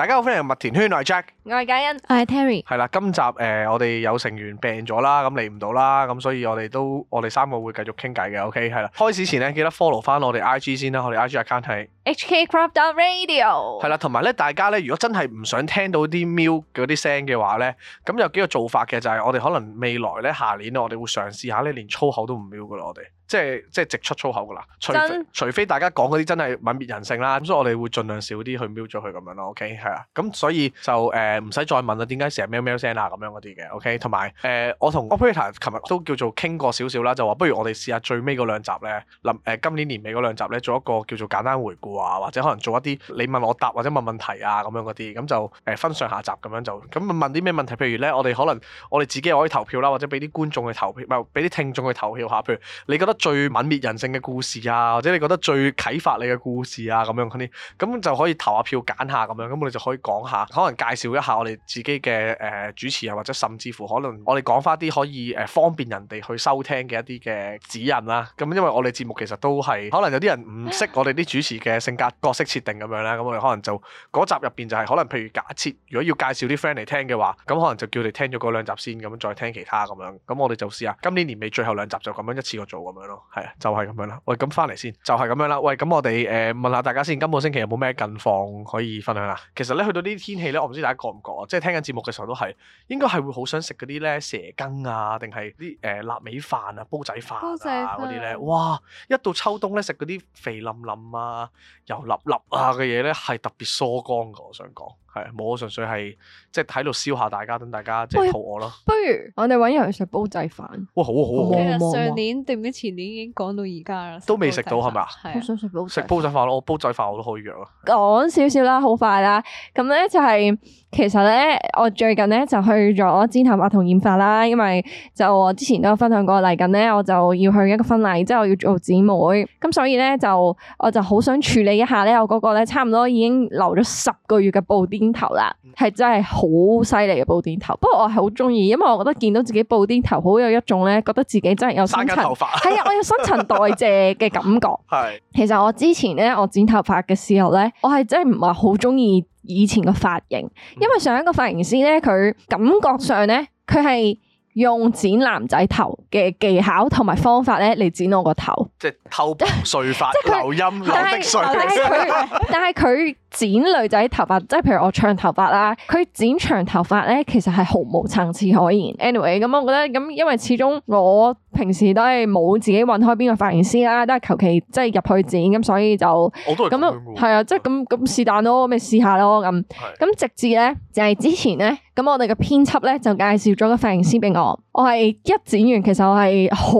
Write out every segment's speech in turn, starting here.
大家好，歡迎麥田圈，我係 Jack，我係嘉欣，我係 Terry。係啦，今集誒、呃，我哋有成員病咗啦，咁嚟唔到啦，咁所以我哋都我哋三個會繼續傾偈嘅，OK 係啦。開始前咧，記得 follow 翻我哋 IG 先啦，我哋 IG account 係 HKCrop Radio。係啦，同埋咧，大家咧，如果真係唔想聽到啲 mute 嗰啲聲嘅話咧，咁有幾個做法嘅就係我哋可能未來咧，下年我哋會嘗試下咧，連粗口都唔 mute 噶啦，我哋。即係即係直出粗口㗎啦，除非除非大家講嗰啲真係泯滅人性啦，咁所以我哋會盡量少啲去瞄咗佢咁樣咯，OK 係啊，咁所以就誒唔使再問啦，點解成日喵喵聲啊咁樣嗰啲嘅，OK 同埋誒我同 operator 琴日都叫做傾過少少啦，就話不如我哋試下最尾嗰兩集咧，臨誒今年年尾嗰兩集咧做一個叫做簡單回顧啊，或者可能做一啲你問我答或者問問題啊咁樣嗰啲，咁就誒分上下集咁樣就咁問啲咩問題，譬如咧我哋可能我哋自己可以投票啦，或者俾啲觀眾去投票，唔係俾啲聽眾去投票下，譬如你覺得，最泯滅人性嘅故事啊，或者你覺得最啟發你嘅故事啊，咁樣嗰啲，咁就可以投下票揀下咁樣，咁我哋就可以講下，可能介紹一下我哋自己嘅誒、呃、主持啊，或者甚至乎可能我哋講翻啲可以誒方便人哋去收聽嘅一啲嘅指引啦。咁因為我哋節目其實都係可能有啲人唔識我哋啲主持嘅性格角色設定咁樣啦，咁我哋可能就嗰集入邊就係、是、可能，譬如假設如果要介紹啲 friend 嚟聽嘅話，咁可能就叫你聽咗嗰兩集先，咁再聽其他咁樣。咁我哋就試下今年年尾最後兩集就咁樣一次過做咁樣。係啊，就係、是、咁樣啦。喂，咁翻嚟先，就係、是、咁樣啦。喂，咁我哋誒、呃、問下大家先，今個星期有冇咩近況可以分享啊？其實咧，去到呢啲天氣咧，我唔知大家覺唔覺啊？即係聽緊節目嘅時候都係，應該係會好想食嗰啲咧蛇羹啊，定係啲誒臘味飯啊、煲仔飯啊嗰啲咧。哇！一到秋冬咧，食嗰啲肥腍腍啊、油腍腍啊嘅嘢咧，係特別疏肝噶。我想講。係冇，純粹係即係睇到燒下大家，等大家即係肚餓咯。不如我哋搵人去食煲仔飯。哇，好、啊、好！其實上年定唔知前年已經講到而家啦。都未食到係咪啊？好想食煲食對煲仔飯咯！煲仔飯我都可以約啊。講少少啦，好快啦。咁咧就係、是、其實咧，我最近咧就去咗剪頭髮同染髮啦。因為就我之前都有分享過，嚟緊咧我就要去一個婚禮，之、即係、我要做姊妹，咁所以咧就我就好想處理一下咧，我嗰個咧差唔多已經留咗十個月嘅布丁。剪、嗯、頭啦，係真係好犀利嘅布甸頭。不過我係好中意，因為我覺得見到自己布甸頭，好有一種咧，覺得自己真係有新陳代謝。係啊，我有新陳代謝嘅感覺。係 是，其實我之前咧，我剪頭髮嘅時候咧，我係真係唔係好中意以前個髮型，因為上一個髮型師咧，佢感覺上咧，佢係用剪男仔頭嘅技巧同埋方法咧嚟剪我個頭，即係頭碎髮，頭陰， 頭碎。但係佢。剪女仔頭髮，即係譬如我長頭髮啦，佢剪長頭髮咧，其實係毫無層次可言。Anyway，咁我覺得咁，因為始終我平時都係冇自己搵開邊個髮型師啦，都係求其即係入去剪，咁所以就咁咯，係啊，即係咁咁是但咯，咪試下咯，咁咁直至咧就係之前咧，咁我哋嘅編輯咧就介紹咗個髮型師俾我，我係一剪完，其實我係好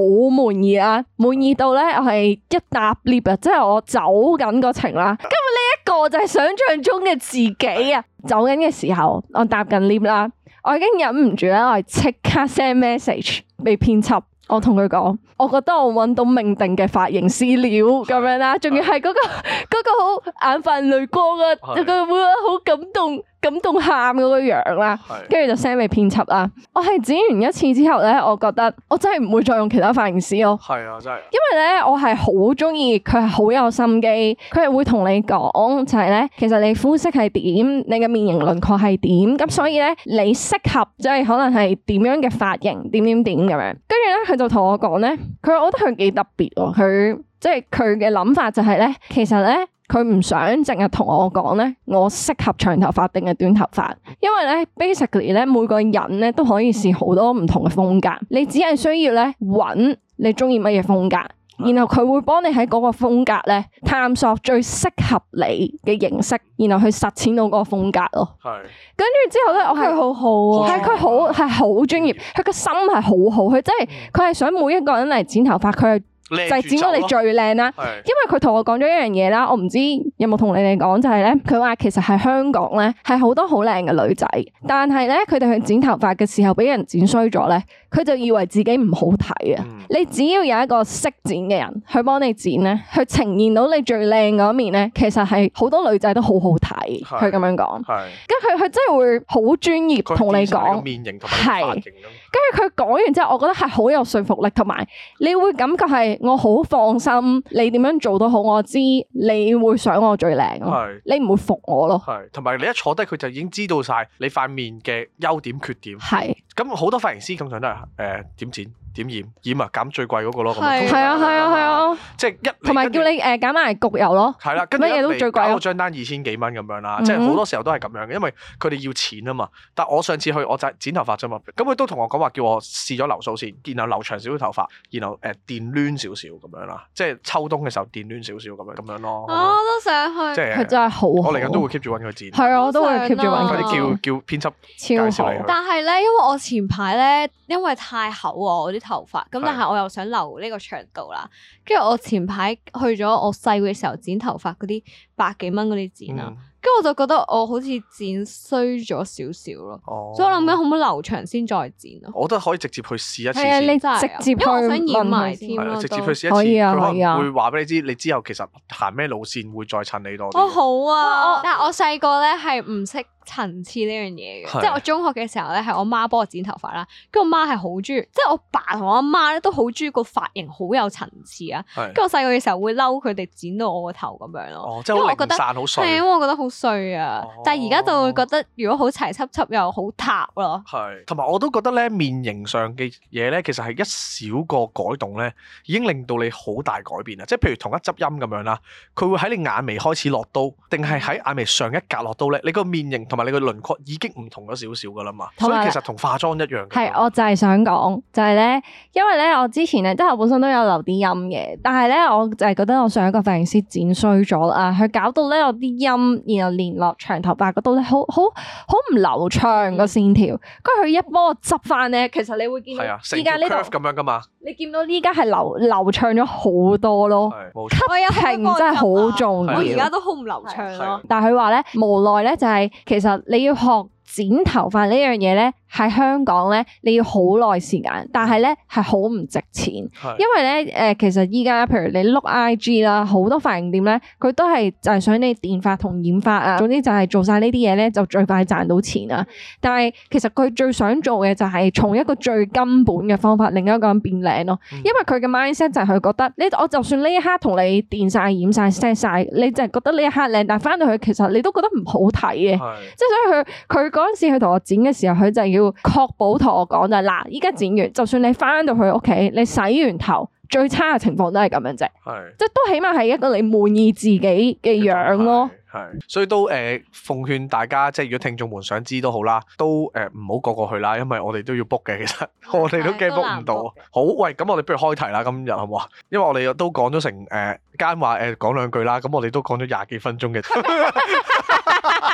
滿意啊，滿意到咧我係一搭 lift 啊，即係我走緊個程啦，今日咧。我就係想象中嘅自己啊！唉走緊嘅時候，我搭緊 lift 啦，我已經忍唔住咧，我係即刻 send message 俾編輯，我同佢講，我覺得我揾到命定嘅髮型師了咁樣啦，仲要係嗰、嗰個是 個好眼泛淚光嘅個妹啊，佢會好是感動。感動喊嗰個樣啦，跟住的就 send 俾編輯啦。我係剪完一次之後咧，我覺得我真係唔會再用其他髮型師咯。係啊，真係。因為咧，我係好中意佢，係好有心機，佢係會同你講就係、是、咧，其實你膚色係點，你嘅面型輪廓係點，咁所以咧，你適合即係、就是、可能係點樣嘅髮型，點點點咁樣。呢跟住咧，佢就同我講咧，佢我覺得佢幾特別咯，佢即係佢嘅諗法就係咧，其實咧。佢唔想淨係同我講咧，我適合長頭髮定係短頭髮，因為咧 basically 咧，每個人咧都可以試好多唔同嘅風格。你只係需要咧揾你中意乜嘢風格，然後佢會幫你喺嗰個風格咧探索最適合你嘅形式，然後去實踐到嗰個風格咯。係是。跟住之後咧，我係好好，係佢好係好專業，佢個是心係好好，佢真係佢係想每一個人嚟剪頭髮，佢係。就係剪到你最靚啦，是因為佢同我講咗一樣嘢啦，我唔知有冇同你哋講，就係咧，佢話其實係香港咧，係好多好靚嘅女仔，但係咧佢哋去剪頭髮嘅時候，俾人剪衰咗咧。佢就以為自己唔好睇啊！嗯、你只要有一個識剪嘅人去幫你剪咧，去呈現到你最靚嗰面咧，其實係好多女仔都好好睇，佢咁是的 樣講。係是的，跟佢佢真係會好專業同你講，係的，跟住佢講完之後，我覺得係好有說服力，同埋你會感覺係我好放心，你點樣做都好，我知你會想我最靚。係，是的 你唔會服我咯。係，同埋你一坐低，佢就已經知道晒你塊面嘅優點缺點。係是的 的，咁好多髮型師咁想。常常常都誒點錢？點染染啊？減最貴嗰個咯，咁啊，係啊，係啊，係啊，即係一，同埋叫你誒減埋焗油咯，係啦，乜嘢都最貴，搞個張單二千幾蚊咁樣啦，即係好多時候都係咁樣嘅，因為佢哋要錢啊嘛。但我上次去我就剪頭髮啫嘛，咁佢都同我講話叫我試咗留數先，然後留長少少頭髮，然後誒電攣少少咁樣啦，即係秋冬嘅時候電攣少少咁樣咁樣咯。我都想去，佢真係好，我嚟緊都會 keep 住揾佢剪。係啊，我都會 keep 住揾。快啲叫叫編輯超好介紹。但係咧，因為我前排咧，因為太厚啊，頭髮咁，但係我又想留呢個長度啦，跟住我前排去咗我細個嘅時候剪頭髮嗰啲百幾蚊嗰啲剪啊。嗯跟住我就覺得我好似剪衰咗少少咯，所以我諗緊可唔可以留長先再剪啊？我覺得可以直接去試一次先，真係直接，因為我想染埋添啊，直接去試一次，佢可能會話俾你知，你之後其實行咩路線會再襯你多啲。哦，好啊，但係我細個咧係唔識層次呢樣嘢嘅，即係我中學嘅時候咧係我媽幫我剪頭髮啦，跟住我媽係好中意，即係我爸同我阿媽咧都好中意個髮型好有層次啊。跟住我細個嘅時候會嬲佢哋剪到我個頭咁樣咯，因為我覺得係因為我覺得好衰啊！哦、但係而家就會覺得，如果好齊齊齊又好塌咯。係，同埋我都覺得咧，面型上嘅嘢咧，其實係一小個改動咧，已經令到你好大改變啊！即係譬如同一執音咁樣啦，佢會喺你眼眉開始落刀，定係喺眼眉上一格落刀咧？你個面型同埋你個輪廓已經唔同咗少少噶啦嘛，有所以其實同化妝一樣。係，我就係想講就係、是、咧，因為咧我之前咧，即係我本身都有留啲音嘅，但係咧我就係覺得我上一個髮型師剪衰咗啦，佢搞到咧我啲音又連落長頭髮嗰度咧，好好好唔流暢個線條。跟住佢一幫我執翻咧，其實你會見到依家呢度咁樣噶嘛？你見到依家係流流暢咗好多咯，吸停真係好重要、哎、我而家都好唔流暢咯。但係佢話咧，無奈咧，就係其實你要學剪頭髮呢樣嘢咧。喺香港咧，你要好耐時間，但係咧係好唔值錢，是的 因為咧誒、呃，其實依家譬如你碌 I G 啦，好多髮型店咧，佢都係就係想你電髮同染髮啊，總之就係做晒呢啲嘢咧，就最快賺到錢啊！但係其實佢最想做嘅就係從一個最根本嘅方法，令一個人變靚咯、啊。因為佢嘅 mindset 就係佢覺得，你我就算呢一刻同你電晒、染晒、set 晒，你就係覺得呢一刻靚，但係翻到去其實你都覺得唔好睇嘅，是的 即係所以佢佢嗰陣時佢同我剪嘅時候，佢就係要。要確保同我講就係，嗱，依家剪完，就算你翻到去屋企，你洗完頭，最差嘅情況都係咁樣啫。係是，即係都起碼係一個你滿意自己嘅樣咯。係，所以都誒、呃、奉勸大家，即係如果聽眾們想知都好啦，都誒唔好過過去啦，因為我哋都要 book 嘅，其實我哋都驚 book 唔到。好，喂，咁我哋不如開題啦，今日好唔好？因為我哋都講咗成誒間、呃、話誒講、呃、兩句啦，咁我哋都講咗廿幾分鐘嘅。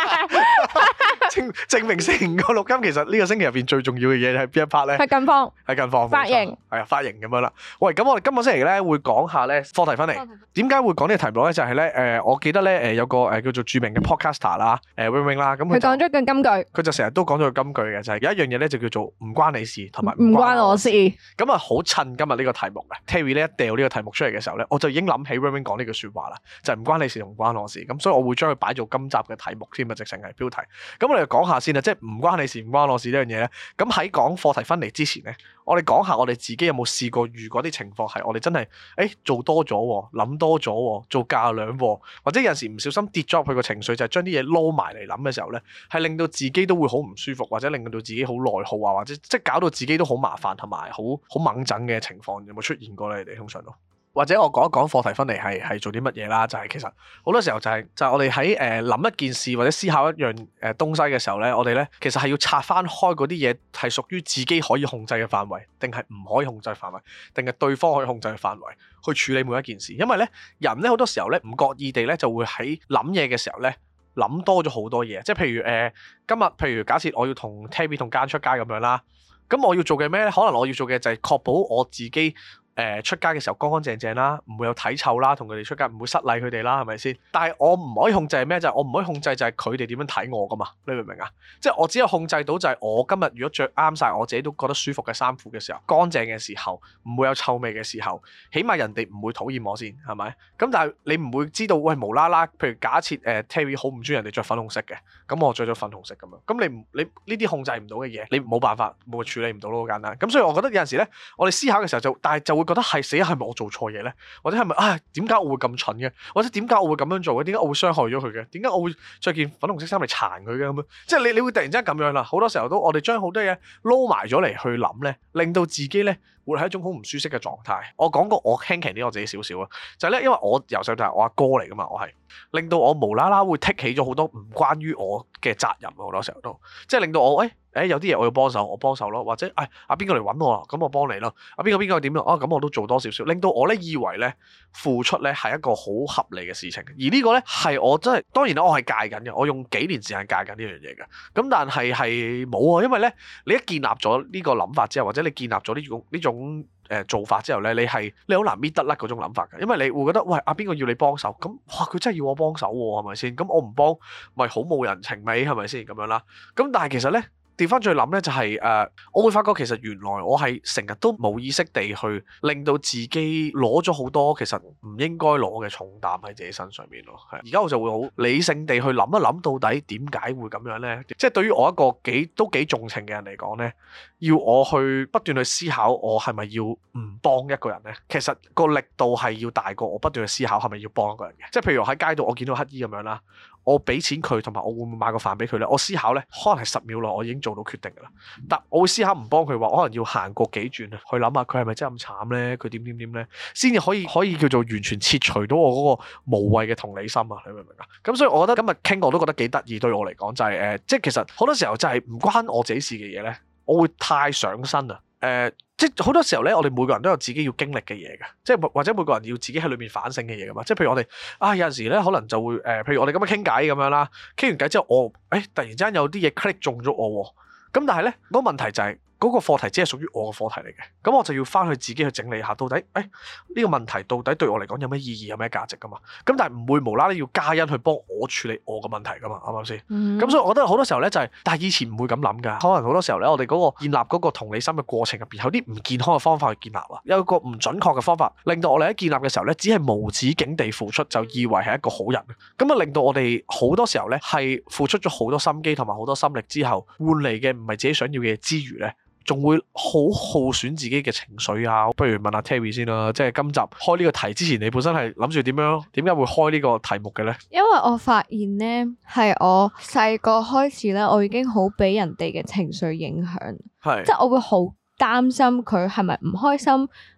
證證明成個錄音，其實呢個星期入邊最重要嘅嘢係邊一 part 咧？係近況，係近況營。髮型係啊，髮型咁樣啦。喂，咁我哋今個星期咧，會講下咧課題分離。點解文會講呢個題目咧？就係、是、咧，誒、呃，我記得咧，誒有個誒叫做著名嘅 podcaster 啦、呃，誒 RingRing、啊啦，咁佢講咗句金句，佢就成日都講咗個金句嘅，就係、是、有一樣嘢咧就叫做唔關你事同埋唔關我事。咁啊好趁今日呢個題目嘅，Terri 呢一掉呢個題目出嚟嘅時候咧，我就已經諗起 RingRing 講呢句說話啦，就唔、是、關你事同唔關我事。咁所以我會將佢擺做今集嘅題目添啊，直情係標題。咁。嚟講下先啦，即係唔關你事，唔關我事呢樣嘢咧。咁喺講課題分離之前咧，我哋講下我哋自己有冇試過遇過啲情況係我哋真係誒做多咗，諗多咗，做價量，或者有陣時唔小心跌咗入去 p 個情緒就係、是、將啲嘢撈埋嚟諗嘅時候咧，係令到自己都會好唔舒服，或者令到自己好內耗啊，或者即係搞到自己都好麻煩，同埋好好猛疹嘅情況有冇出現過咧？你哋通常都？或者我講一講課題分離係係做啲乜嘢啦？就係、是、其實好多時候就係、是、就是、我哋喺誒諗一件事或者思考一樣誒東西嘅時候咧，我哋咧其實係要拆翻開嗰啲嘢係屬於自己可以控制嘅範圍，定係唔可以控制範圍，定係對方可以控制嘅範圍去處理每一件事。因為咧人咧好多時候咧唔覺意地咧就會喺諗嘢嘅時候咧諗多咗好多嘢。即係譬如誒、呃、今日，譬如假設我要同 Terri 同 Him 出街咁樣啦，咁我要做嘅咩？可能我要做嘅就係確保我自己出街嘅時候乾乾淨淨啦，唔會有體臭啦，同佢哋出街唔會失禮佢哋啦，係咪先？但係我唔可以控制咩？就係我唔可以控制就係佢哋點樣睇我噶嘛？你明唔明啊？即係我只有控制到就係我今日如果着啱晒我自己都覺得舒服嘅衫褲嘅時候，乾淨嘅時候，唔會有臭味嘅時候，起碼人哋唔會討厭我先係咪？咁但係你唔會知道喂無啦啦，譬如假設誒 Terri 好唔中意人哋着粉紅色嘅，咁我着咗粉紅色咁樣，咁你你呢啲控制唔到嘅嘢，你冇辦法冇處理唔到咯，好簡單。咁所以我覺得有陣時呢，我哋思考嘅時候就但係就會。覺得係死係咪我做錯嘢咧？或者係咪啊？點解我會咁蠢嘅？或者點解我會咁樣做嘅？點解我會傷害咗佢嘅？點解我會着件粉紅色衫嚟殘佢嘅咁樣，即係你你會突然之間咁樣啦。好多時候都我哋將好多嘢撈埋咗嚟去諗咧，令到自己咧。活係一種好唔舒適嘅狀態。我講過，我輕其他啲我自己少少啊。就係咧，因為我由細就係我阿哥嚟噶嘛，我係令到我無啦啦會剔起咗好多唔關於我嘅責任好多時候都，即係令到我，誒、哎、誒有啲嘢我要幫手，我幫手咯。或者誒，阿邊個嚟揾我啊？咁我幫你咯。阿邊個邊個點咯？啊咁我都做多少少，令到我咧以為咧付出咧係一個好合理嘅事情。而呢個咧係我真係當然啦，我係戒緊嘅，我用幾年時間戒緊呢樣嘢嘅。咁但係係冇啊，因為咧你一建立咗呢個諗法之後，或者你建立咗呢種呢種。種誒做法之後呢，你係你好難搣得甩嗰種諗法嘅，因為你會覺得喂阿邊個要你幫手，咁哇佢真係要我幫手喎，係咪先？咁我唔幫，咪好冇人情味，係咪先？咁樣啦，咁但係其實呢。掉翻再諗呢，就係、是、誒、呃，我會發覺其實原來我係成日都冇意識地去令到自己攞咗好多其實唔應該攞嘅重擔喺自己身上面咯。而家我就會好理性地去諗一諗，到底點解會咁樣呢？即係對於我一個幾都幾重情嘅人嚟講呢，要我去不斷去思考，我係咪要唔幫一個人呢？其實個力度係要大過我不斷去思考係咪要幫一個人嘅。即係譬如我喺街度，我見到乞兒咁樣啦。我俾錢佢，同埋我會唔會買個飯俾佢呢？我思考呢，可能係十秒內我已經做到決定㗎喇。但我會思考唔幫佢話，可能要行過幾轉去諗下佢係咪真係咁慘呢？佢點點點呢？先至可以可以叫做完全切除到我嗰個無謂嘅同理心啊！你明唔明啊？咁所以我覺得今日傾我都覺得幾得意，對我嚟講就係、是、誒、呃，即係其實好多時候就係唔關我自己事嘅嘢呢，我會太上身啊。誒、呃，即係好多時候咧，我哋每個人都有自己要經歷嘅嘢㗎，即係或者每個人要自己喺裏面反省嘅嘢㗎嘛。即係譬如我哋啊，有陣時咧，可能就會誒、呃，譬如我哋咁樣傾偈咁樣啦，傾完偈之後，我誒、欸、突然之間有啲嘢 click 中咗我喎。咁、啊、但係咧，嗰個問題就係、係。嗰個課題只係屬於我個課題嚟嘅，咁我就要返去自己去整理下，到底誒呢、哎這個問題到底對我嚟講有咩意義，有咩價值㗎嘛？咁但係唔會無啦啦要 Kayan 去幫我處理我個問題㗎嘛，啱唔啱先？咁、嗯、所以我覺得好多時候呢，就係、是，但係以前唔會咁諗㗎，可能好多時候呢，我哋嗰個建立嗰個同理心嘅過程入邊，有啲唔健康嘅方法去建立啊，有個唔準確嘅方法，令到我哋喺建立嘅時候呢，只係無止境地付出就以為係一個好人，咁啊令到我哋好多時候呢，係付出咗好多心機同埋好多心力之後，換嚟嘅唔係自己想要嘅嘢之餘呢。仲會好耗損自己嘅情緒啊！不如問下 Terry 先啦，即係今集開呢個題之前，你本身係諗住點樣？點解會開呢個題目嘅咧？因為我發現咧，係我細個開始咧，我已經好俾人哋嘅情緒影響，是即係我會好擔心佢係咪唔開心，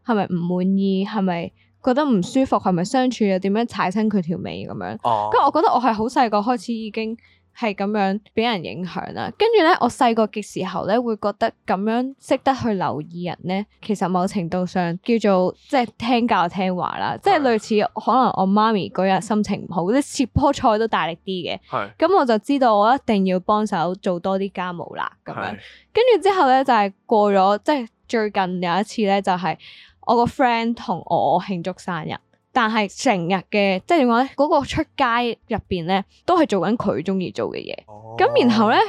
係咪唔滿意，係咪覺得唔舒服，係咪相處又點樣踩親佢條尾咁樣。跟住，啊，我覺得我係好細個開始已經。係咁樣俾人影響啦，跟住咧，我細個嘅時候咧，會覺得咁樣識得去留意人咧，其實某程度上叫做即係聽教聽話啦，是即係類似可能我媽咪嗰日心情唔好，即切波菜都大力啲嘅，咁是、嗯、我就知道我一定要幫手做多啲家務啦，咁樣。跟住是之後咧，就係、是、過咗即係最近有一次咧，就係、是、我個 friend 同我慶祝生日。但係成日嘅，即係點講咧？嗰個出街入邊咧，都係做緊佢中意做嘅嘢。咁然後咧，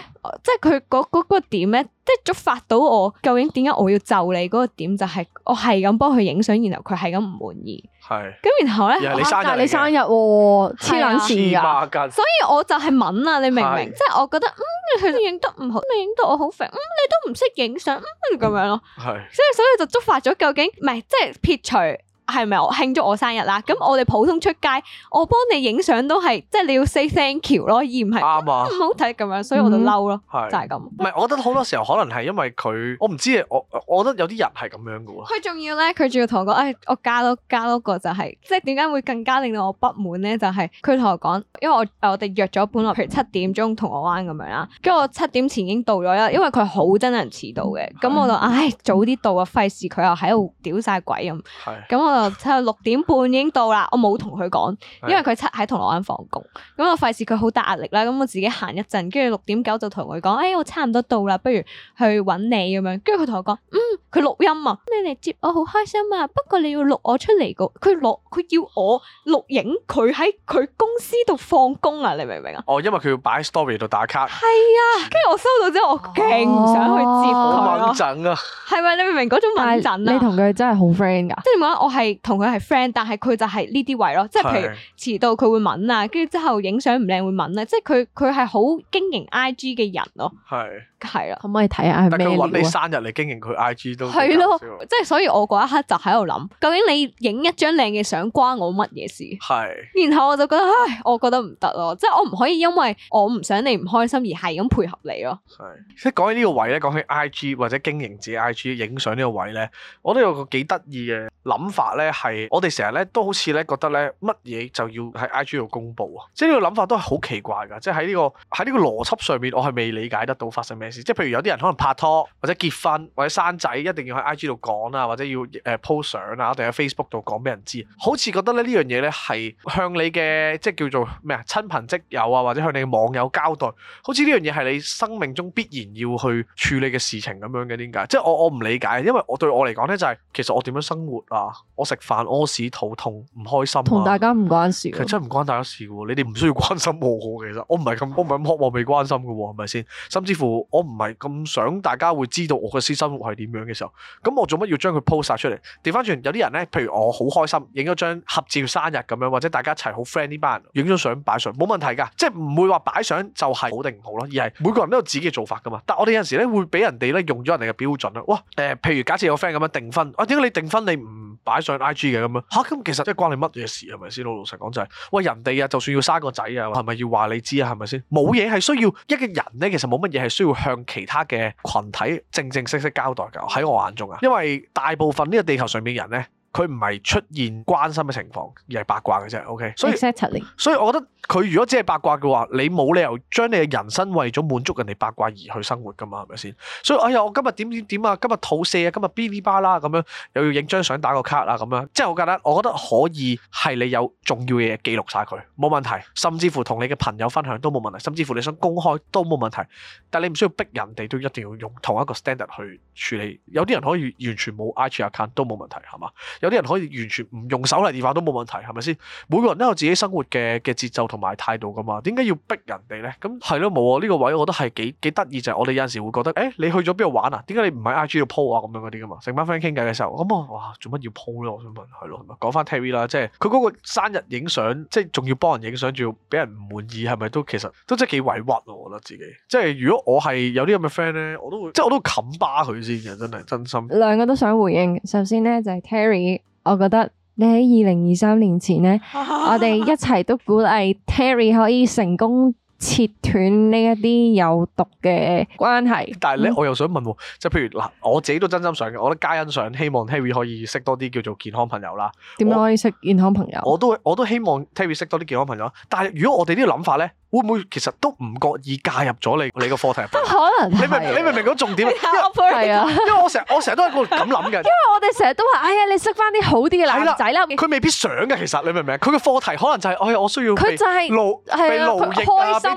即係佢嗰嗰嗰個點咧，即係觸發到我究竟點解我要就你嗰個點，就係我係咁幫佢影相，然後佢係咁唔滿意。係。咁然後咧，但係你生日喎，黐撚線啊！啊所以我就係敏啊，你明唔明？係。即係我覺得，嗯，你其實影得唔好，你影到我好肥，嗯，你都唔識影相，嗯，咁樣咯。係的。所以所以就觸發咗，究竟唔係即係撇除。撇除係咪我慶祝我生日啦？咁我哋普通出街，我幫你影相都係，即係你要 say thank you 咯，而唔係啱啊，好睇咁樣，所以我就嬲咯，嗯、就係咁。唔係，我覺得好多時候可能係因為佢，我唔知，我我覺得有啲人係咁樣噶喎。佢仲要咧，佢仲要同我講，誒、哎，我加多加多個就係、是，即係點解會更加令到我不滿咧？就係佢同我講，因為我我哋約咗本來譬如七點鐘銅鑼灣咁樣啦，跟住我七點前已經到咗啦，因為佢好憎人遲到嘅，咁是我就唉早啲到啊，費事佢又喺度屌晒鬼咁，咁是是我。之後六點半已經到啦，我冇同佢講，因為佢七喺銅鑼灣放工，咁我費事佢好大壓力啦，咁我自己行一陣，跟住六點九就同佢講，誒、哎，我差唔多到啦，不如去搵你咁樣，跟住佢同我講，嗯，佢錄音啊，你嚟接我好開心啊，不過你要錄我出嚟噶，佢錄，佢要我錄影佢喺佢公司度放工啊，你明唔明啊？哦，因為佢要擺喺 story 度打卡。係啊，跟住我收到之後，我勁想去接佢。好穩、哦、但、整啊！係咪你明唔明嗰種穩整啊？你同佢真係好 friend 噶、啊，即係我係。同佢係 friend，但係佢就係呢啲位咯，即係譬如遲到佢會 mind 啊，跟住之後影相唔靚會 mind 啊，即係佢佢係好經營 I G 嘅人咯，係係啦，的的可唔可以睇下係咪靚啲？但係佢搵你生日嚟經營佢 I G 都係咯，即係所以我嗰一刻就喺度諗，究竟你影一張靚嘅相，關我乜嘢事？係，是的 然後我就覺得唉，我覺得唔得咯，即係我唔可以因為我唔想你唔開心而係咁配合你咯。係，即係講起呢個位咧，講起 I G 或者經營自己 I G 影相呢個位咧，我都有個幾得意嘅諗法。係我哋成日咧都好似咧覺得咧乜嘢就要喺 IG 度公布啊，即係呢個諗法都係好奇怪噶、這個，即係喺呢個喺呢個邏輯上面，我係未理解得到發生咩事。即係譬如有啲人可能拍拖或者結婚或者生仔，一定要喺 IG 度講啊，或者要誒 post 相啊，或者喺 Facebook 度講俾人知，好似覺得咧呢樣嘢咧係向你嘅即係叫做咩啊親朋戚友啊，或者向你嘅網友交代，好似呢樣嘢係你生命中必然要去處理嘅事情咁樣嘅。點解？即、就、係、是、我我唔理解，因為我對我嚟講咧就係其實我點樣生活啊，食飯、屙屎、肚痛，唔開心、啊，同大家唔關事。其實真係唔關大家事嘅喎，你哋唔需要關心我，我其實我唔係咁，我唔係咁渴望被關心嘅喎，係咪先？甚至乎我唔係咁想大家會知道我嘅私生活係點樣嘅時候，咁我做乜要將佢 post 曬出嚟？調翻轉，有啲人咧，譬如我好開心，影咗張合照生日咁樣，或者大家一齊好 friend 呢班，影咗相擺上，冇問題㗎。即係唔會話擺相就係好定唔好咯，而係每個人都有自己嘅做法㗎嘛。但我哋有時咧會俾人哋咧用咗人哋嘅標準啦。哇，誒、呃，譬如假設有 friend 咁樣訂婚，啊，點解你訂婚你唔擺？上 IG 嘅咁樣吓？咁、啊、其實即係關你乜嘢事，係咪先？老老實講就係喂，人哋啊，就算要生個仔啊，係咪要話你知啊？係咪先？冇嘢係需要一個人咧，其實冇乜嘢係需要向其他嘅群體正正式式交代㗎，喺我眼中啊，因為大部分呢個地球上面嘅人咧。佢唔係出現關心嘅情況，而係八卦嘅啫。OK，所以 Exactly. 所以，我覺得佢如果只係八卦嘅話，你冇理由將你嘅人生為咗滿足人哋八卦而去生活㗎嘛？係咪先？所以哎呀，我今日點點點啊，今日吐瀉，今日嗶哩吧啦咁樣，又要影張相打個卡啦咁樣。即係我覺得，我覺得可以係你有重要嘅嘢記錄晒佢，冇問題。甚至乎同你嘅朋友分享都冇問題，甚至乎你想公開都冇問題。但你唔需要逼人哋都一定要用同一個 standard 去處理。有啲人可以完全冇 IG account 都冇問題，係嘛？有啲人可以完全唔用手提電話都冇問題，係咪先？每個人都有自己生活嘅嘅節奏同埋態度噶嘛，點解要逼人哋咧？咁係咯，冇啊！呢、這個位我覺得係幾幾得意就係、是、我哋有陣時會覺得，誒你去咗邊度玩啊？點解你唔喺 IG 度 po 啊？咁樣嗰啲噶嘛，成班 friend 傾偈嘅時候，咁、嗯、啊哇，做乜要 po 咧？我想問，係咯，講翻 Terry 啦，erry, 即係佢嗰個生日影相，即係仲要幫人影相，仲要俾人唔滿意，係咪都其實都真係幾委屈。我覺得自己，即係如果我係有啲咁嘅 friend 咧，我都會即係我都冚巴佢先嘅，真係真心。兩個都想回應，首先咧就係、是、Terry。我覺得你喺二零二三年前呢， 我哋一齊都鼓勵 Terri 可以成功切斷呢一啲有毒嘅關係。但係咧，我又想問喎，即係譬如嗱，我自己都真心想嘅，我覺得 Kayan 想，希望 Terri 可以識多啲叫做健康朋友啦。點樣可以識健康朋友？我，我都我都希望 Terri 識多啲健康朋友。但係如果我哋呢個諗法咧？會唔會其實都唔覺意介入咗你你個課題？可能你明你明唔明嗰重點？係啊，因為我成我成日都係咁諗嘅。因為我哋成日都話，哎呀，你識翻啲好啲嘅男仔啦。佢未必想嘅，其實你明唔明？佢個課題可能就係，哎呀，我需要。佢就係被奴，被奴役啊，被折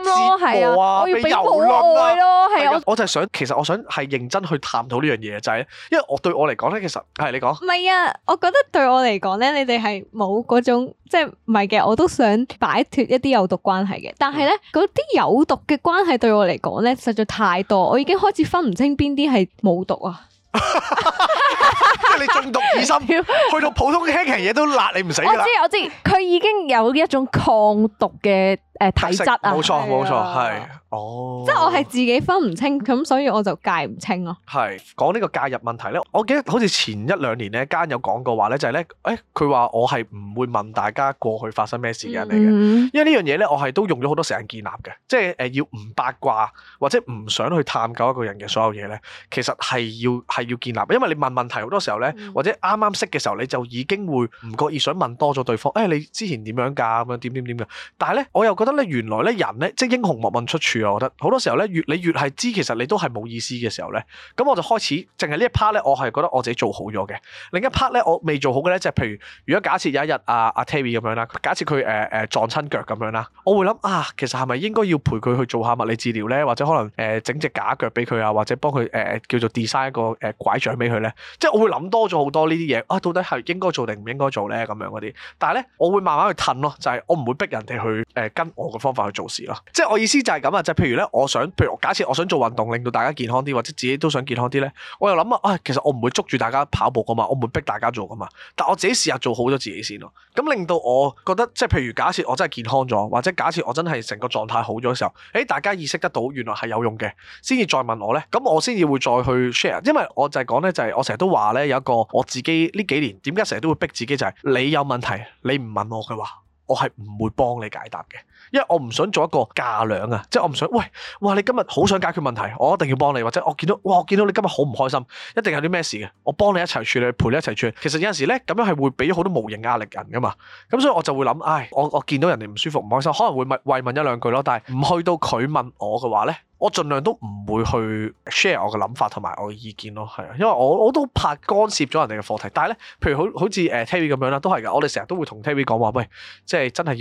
磨啊，被蹂躪啊。係我我就係想，其實我想係認真去探討呢樣嘢，就係，因為我對我嚟講咧，其實係你講。唔係啊，我覺得對我嚟講咧，你哋係冇嗰種，即係唔係嘅，我都想擺脫一啲有毒關係嘅，但係。嗰啲有毒嘅關係對我嚟講咧，實在太多，我已經開始分唔清邊啲係冇毒啊！即係你中毒已深， 去到普通嘅輕嘅嘢都辣你唔死啦。我知我知，佢已經有一種抗毒嘅。誒，體質啊，冇錯冇錯，係哦，即係我係自己分唔清，咁所以我就戒唔清咯。係講呢個介入問題咧，我記得好似前一兩年咧，間有講過話咧，就係咧，誒，佢話我係唔會問大家過去發生咩事嘅人嚟嘅，因為呢樣嘢咧，我係都用咗好多時間建立嘅，即係誒要唔八卦或者唔想去探究一個人嘅所有嘢咧，其實係要係要建立，因為你問問題好多時候咧，或者啱啱識嘅時候，你就已經會唔覺意想問多咗對方，誒，你之前點樣噶咁樣點點點嘅，但係咧我又。覺得咧，原來咧人咧，即係英雄莫問出處啊！我覺得好多時候咧，越你越係知，其實你都係冇意思嘅時候咧。咁我就開始淨係呢一 part 咧，我係覺得我自己做好咗嘅。另一 part 咧，我未做好嘅咧，就係譬如，如果假設有一日阿阿 Terri 咁樣啦，假設佢誒誒撞親腳咁樣啦，我會諗啊，其實係咪應該要陪佢去做下物理治療咧，或者可能誒整、呃、隻假腳俾佢啊，或者幫佢誒、呃、叫做 design 一個誒拐杖俾佢咧。即係我會諗多咗好多呢啲嘢啊，到底係應該做定唔應該做咧？咁樣嗰啲，但係咧，我會慢慢去褪咯，就係、是、我唔會逼人哋去誒、呃、跟。我嘅方法去做事咯，即係我意思就係咁啊！就係譬如咧，我想，譬如假設我想做運動，令到大家健康啲，或者自己都想健康啲咧，我又諗啊，啊、哎，其實我唔會捉住大家跑步噶嘛，我唔會逼大家做噶嘛。但我自己試下做好咗自己先咯，咁令到我覺得，即係譬如假設我真係健康咗，或者假設我真係成個狀態好咗嘅時候，誒，大家意識得到原來係有用嘅，先至再問我咧，咁我先至會再去 share。因為我就係講咧，就係、是、我成日都話咧，有一個我自己呢幾年，點解成日都會逼自己就係、是，你有問題，你唔問我嘅話，我係唔會幫你解答嘅。因為我唔想做一個嫁娘啊，即係我唔想，喂，哇！你今日好想解決問題，我一定要幫你，或者我見到，哇！我見到你今日好唔開心，一定有啲咩事嘅，我幫你一齊處理，陪你一齊處理。其實有陣時咧，咁樣係會俾好多無形壓力的人噶嘛。咁所以我就會諗，唉、哎，我我見到人哋唔舒服唔開心，可能會問慰問一兩句咯，但係唔去到佢問我嘅話咧。我儘量都唔會去 share 我嘅諗法同埋我嘅意見咯，係啊，因為我我都怕干涉咗人哋嘅課題。但係咧，譬如好好似誒 Terri 咁樣啦，都係噶。我哋成日都會同 Terri 講話，喂，即係真係要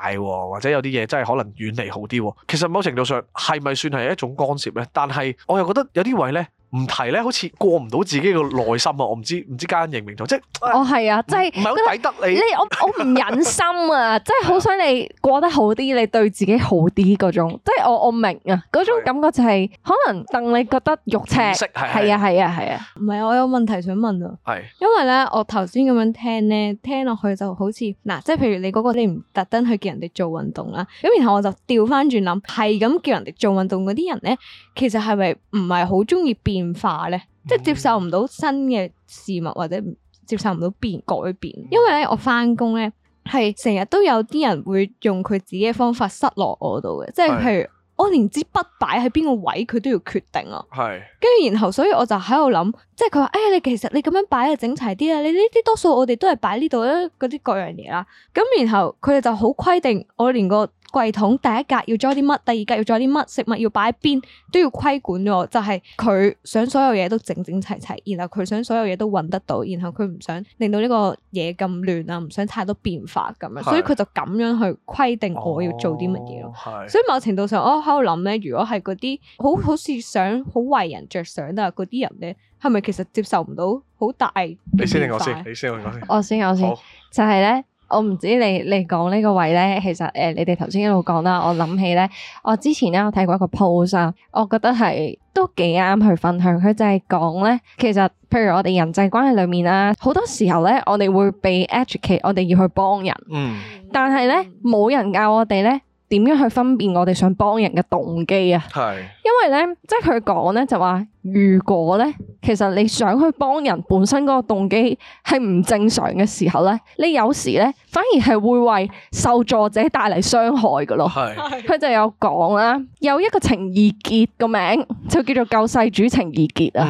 戒喎，或者有啲嘢真係可能遠離好啲。其實某程度上係咪算係一種干涉咧？但係我又覺得有啲位咧。唔提咧，好似過唔到自己嘅內心啊！我唔知唔知家欣認唔認同，即係我係啊，即係唔係好抵得你？你我我唔忍心啊！即係好想你過得好啲，你對自己好啲嗰種，即係我我明啊！嗰種感覺就係可能等你覺得肉赤，係啊係啊係啊！唔係，我有問題想問啊！係，因為咧，我頭先咁樣聽咧，聽落去就好似嗱，即係譬如你嗰個你唔特登去叫人哋做運動啦，咁然後我就調返轉諗，係咁叫人哋做運動嗰啲人咧，其實係咪唔係好鍾意變變化咧，即係接受唔到新嘅事物或者接受唔到變改變，因為咧，我返工咧係成日都有啲人會用佢自己嘅方法塞落我度嘅，即係譬如我連支筆擺喺邊個位，佢都要決定啊。係是，跟住然後所以我就喺度諗，即係佢話，哎，你其實你咁樣擺啊，整齊啲啊，你呢啲多數我哋都係擺呢度咧，嗰啲各樣嘢啦。咁然後佢哋就好規定我連個。櫃桶第一格要裝啲乜，第二格要裝啲乜，食物要擺喺邊都要規管咗，就係、是、佢想所有嘢都整整齊齊，然後佢想所有嘢都揾得到，然後佢唔想令到呢個嘢咁亂啊，唔想太多變化咁樣，是所以佢就咁樣去規定我要做啲乜嘢咯。哦、所以某程度上，我喺度諗咧，如果係嗰啲好好似想好為人着想啊嗰啲人咧，係咪其實接受唔到好大，你先定我先，你先我先，我先，我先我先，好就係咧。我唔知道你你講呢個位呢，其實、呃、你哋頭先一路講啦，我諗起呢，我之前呢我睇過一個 post 啊，我覺得係都幾啱去分享。佢就係講咧，其實譬如我哋人際關係裏面啊，好多時候呢，我哋會被 educate，我哋要去幫人，嗯、但係呢，冇人教我哋呢。點樣去分辨我哋想幫人嘅動機啊？係，是 因為咧，即係佢講咧就話，如果咧，其實你想去幫人本身嗰個動機係唔正常嘅時候咧，你有時咧反而係會為受助者帶嚟傷害噶咯。係，佢就有講啦，有一個情意結個名，就叫做救世主情意結啊。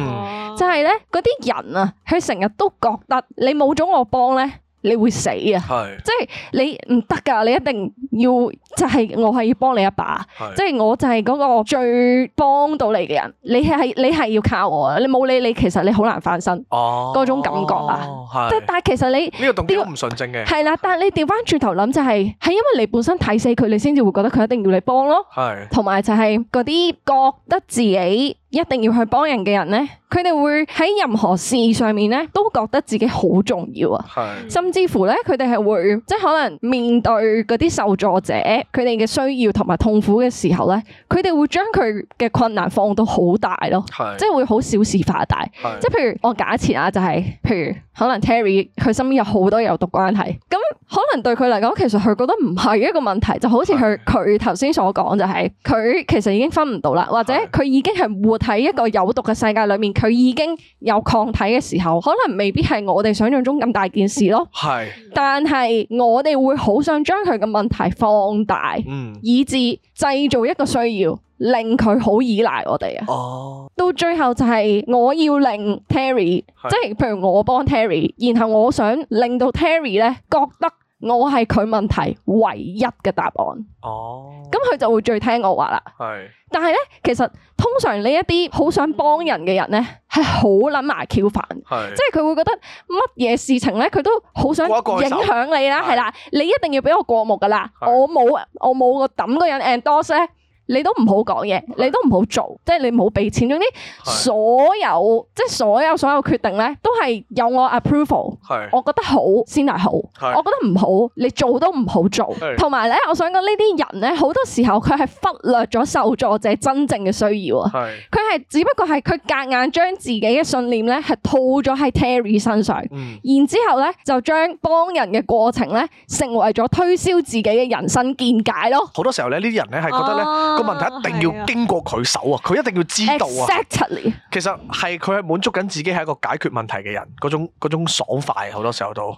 嗯、就係咧，嗰啲人啊，佢成日都覺得你冇咗我幫咧。你會死啊！即係係 你唔得噶，你一定要就係、係、我係要幫你一把，即係係 我就係嗰個最幫到你嘅人。你係，你係要靠我，你冇理你其實你好難翻身。哦，嗰種感覺啊，即、哦、但係其實你呢、呢個動機唔純正嘅、就是。係啦，但係你調翻轉頭諗就係係因為你本身睇死佢，你先至會覺得佢一定要你幫咯。係，同埋就係嗰啲覺得自己。一定要去幫人嘅人咧，佢哋會喺任何事上面咧，都覺得自己好重要啊。係是，甚至乎咧，佢哋係會即係可能面對嗰啲受助者佢哋嘅需要同埋痛苦嘅時候咧，佢哋會將佢嘅困難放到好大咯。是即係會好小事化大。是即係譬如我假設啊，就係譬如。可能 Terry 佢身邊有好多有毒關係，咁可能對佢嚟講，其實佢覺得唔係一個問題，就好似佢佢頭先所講就係，是，佢其實已經分唔到啦，或者佢已經係活喺一個有毒嘅世界裏面，佢已經有抗體嘅時候，可能未必係我哋想象中咁大件事咯。係，是的 但係我哋會好想將佢嘅問題放大，嗯、以至製造一個需要。令佢好依賴我哋啊！Oh、到最後就係我要令 Terry，< 是 S 1> 即係譬如我幫 Terry，然後我想令到 Terry 咧覺得我係佢問題唯一嘅答案。哦，咁佢就會最聽我話啦。係，是 但係咧，其實通常你一啲好想幫人嘅人咧，係好諗埋 Q 煩，即係佢會覺得乜嘢事情咧，佢都好想影響你啦。係啦，你一定要俾我過目噶啦，是 我冇我冇個抌個人 endorse 咧。呢你都唔好講嘢，你都唔好做，是的 即係你唔好俾錢。總之，所有是的 即係所有所有決定咧，都係有我 approval。係，是的 我覺得好先係好。係，是的 我覺得唔好，你做都唔好做。同埋咧，我想講呢啲人咧，好多時候佢係忽略咗受助者真正嘅需要啊。係，佢係只不過係佢夾硬將自己嘅信念咧，係套咗喺 Terry 身上。的嗯、然之後咧就將幫人嘅過程咧，成為咗推銷自己嘅人生見解咯。好多時候咧，呢啲人咧係覺得咧。啊啊個問題一定要經過佢手啊！佢一定要知道啊！Exactly. 其實係佢係滿足緊自己，係一個解決問題嘅人，嗰種，嗰種爽快，好多時候都。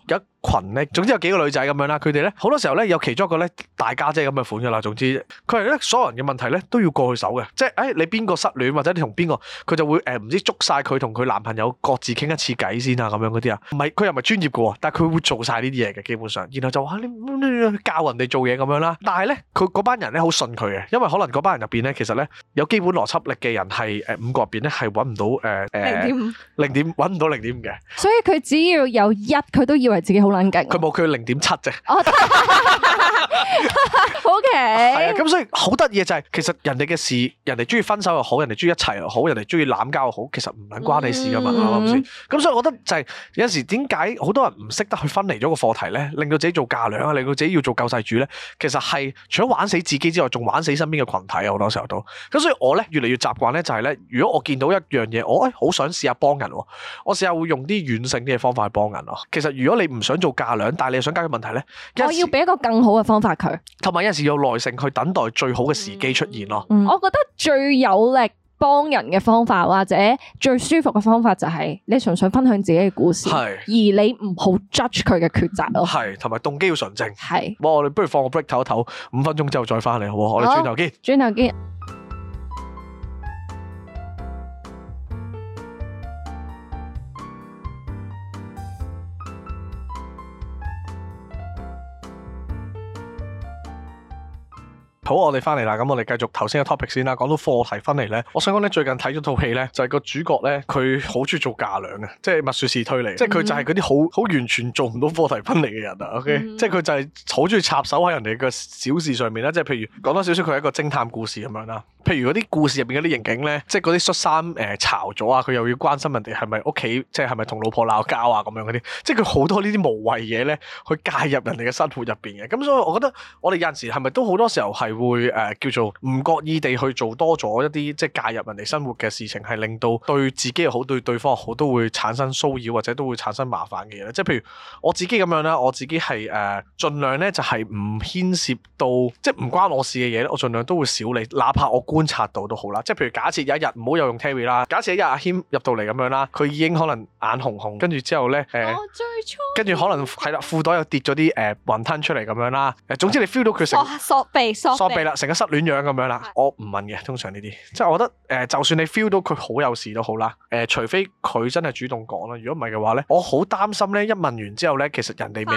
群咧，總之有幾個女仔咁樣啦，佢哋咧好多時候咧有其中一個咧大家姐咁嘅款㗎啦。總之佢係咧所有人嘅問題咧都要過去手嘅，即係誒、哎、你邊個失戀或者你同邊個，佢就會誒唔、呃、知捉晒佢同佢男朋友各自傾一次偈先啊咁樣嗰啲啊。唔係佢又唔係專業嘅喎，但係佢會做晒呢啲嘢嘅基本上，然後就話你，你，你教人哋做嘢咁樣啦。但係咧佢嗰班人咧好信佢嘅，因為可能嗰班人入邊咧其實咧有基本邏輯力嘅人係誒、呃、五個入邊咧係揾唔到誒、呃、0. 零點五零點揾唔到零點嘅，所以佢只要有一佢都以為自己好難佢冇佢零點七啫。 o Okay K。係啊，咁所以好得意嘅就係，其實人哋嘅事，人哋中意分手又好，人哋中意一齊又好，人哋中意濫交又好，其實唔係關你事噶嘛，我諗先。咁所以我覺得就係、是、有時點解好多人唔識得去分離咗個課題咧，令到自己做架樑啊，令到自己要做救世主咧，其實係除咗玩死自己之外，仲玩死身邊嘅群體啊！好多時候都。咁所以我咧越嚟越習慣咧，就係、是、咧，如果我見到一樣嘢，我誒好想試下幫人喎，我試下會用啲軟性啲嘅方法去幫人咯。其實如果你唔想，做嫁糧，但係你又想解決問題呢？我要俾一個更好嘅方法佢，同埋有陣時要耐性去等待最好嘅時機出現咯，嗯。我覺得最有力幫人嘅方法，或者最舒服嘅方法，就係你純粹分享自己嘅故事，是而你唔好 judge 佢嘅抉擇咯。係，同埋動機要純正。係是，我哋不如放個 break 唞一唞，五分鐘之後再翻嚟好唔好？我哋轉頭見，轉頭見。好，我哋翻嚟啦，咁我哋繼續頭先嘅 topic 先啦。講到課題分離咧，我想講咧最近睇咗套戲咧，就係、是、個主角咧，佢好中意做架梁嘅，即係物説士推理，嗯、即係佢就係嗰啲好好完全做唔到課題分離嘅人啊。O、okay? K、嗯、即係佢就係好中意插手喺人哋嘅小事上面啦，即係譬如講多少少，佢係一個偵探故事咁樣啦。譬如嗰啲故事入邊嗰啲刑警咧，即係嗰啲恤衫誒巢咗啊，佢、呃、又要關心人哋係咪屋企，即係係咪同老婆鬧交啊咁樣嗰啲，即係佢好多呢啲無謂嘢咧，去介入人哋嘅生活入邊嘅。咁所以我覺得我哋有陣時係咪都好多時候係會誒、呃、叫做唔覺意地去做多咗一啲即係介入人哋生活嘅事情，係令到對自己又好，對對方好，都會產生騷擾或者都會產生麻煩嘅嘢咧。即係譬如我自己咁樣啦，我自己係誒盡量咧就係唔牽涉到即係唔關我事嘅嘢我盡量都會少理哪怕我觀察到都好啦，即係譬如假設有一日唔好又用 Terri 啦，假設一日阿謙入到嚟咁樣啦，佢已經可能眼紅紅，跟住之後咧，誒、欸，我最初，跟住可能係啦，褲袋又跌咗啲誒雲吞出嚟咁樣啦，誒，總之你 feel 到佢成，索鼻索鼻啦，成個失戀樣咁樣啦，我唔問嘅，通常呢啲，即係我覺得誒、呃，就算你 feel 到佢好有事都好啦，誒、呃，除非佢真係主動講啦，如果唔係嘅話咧，我好擔心咧，一問完之後咧，其實人哋未，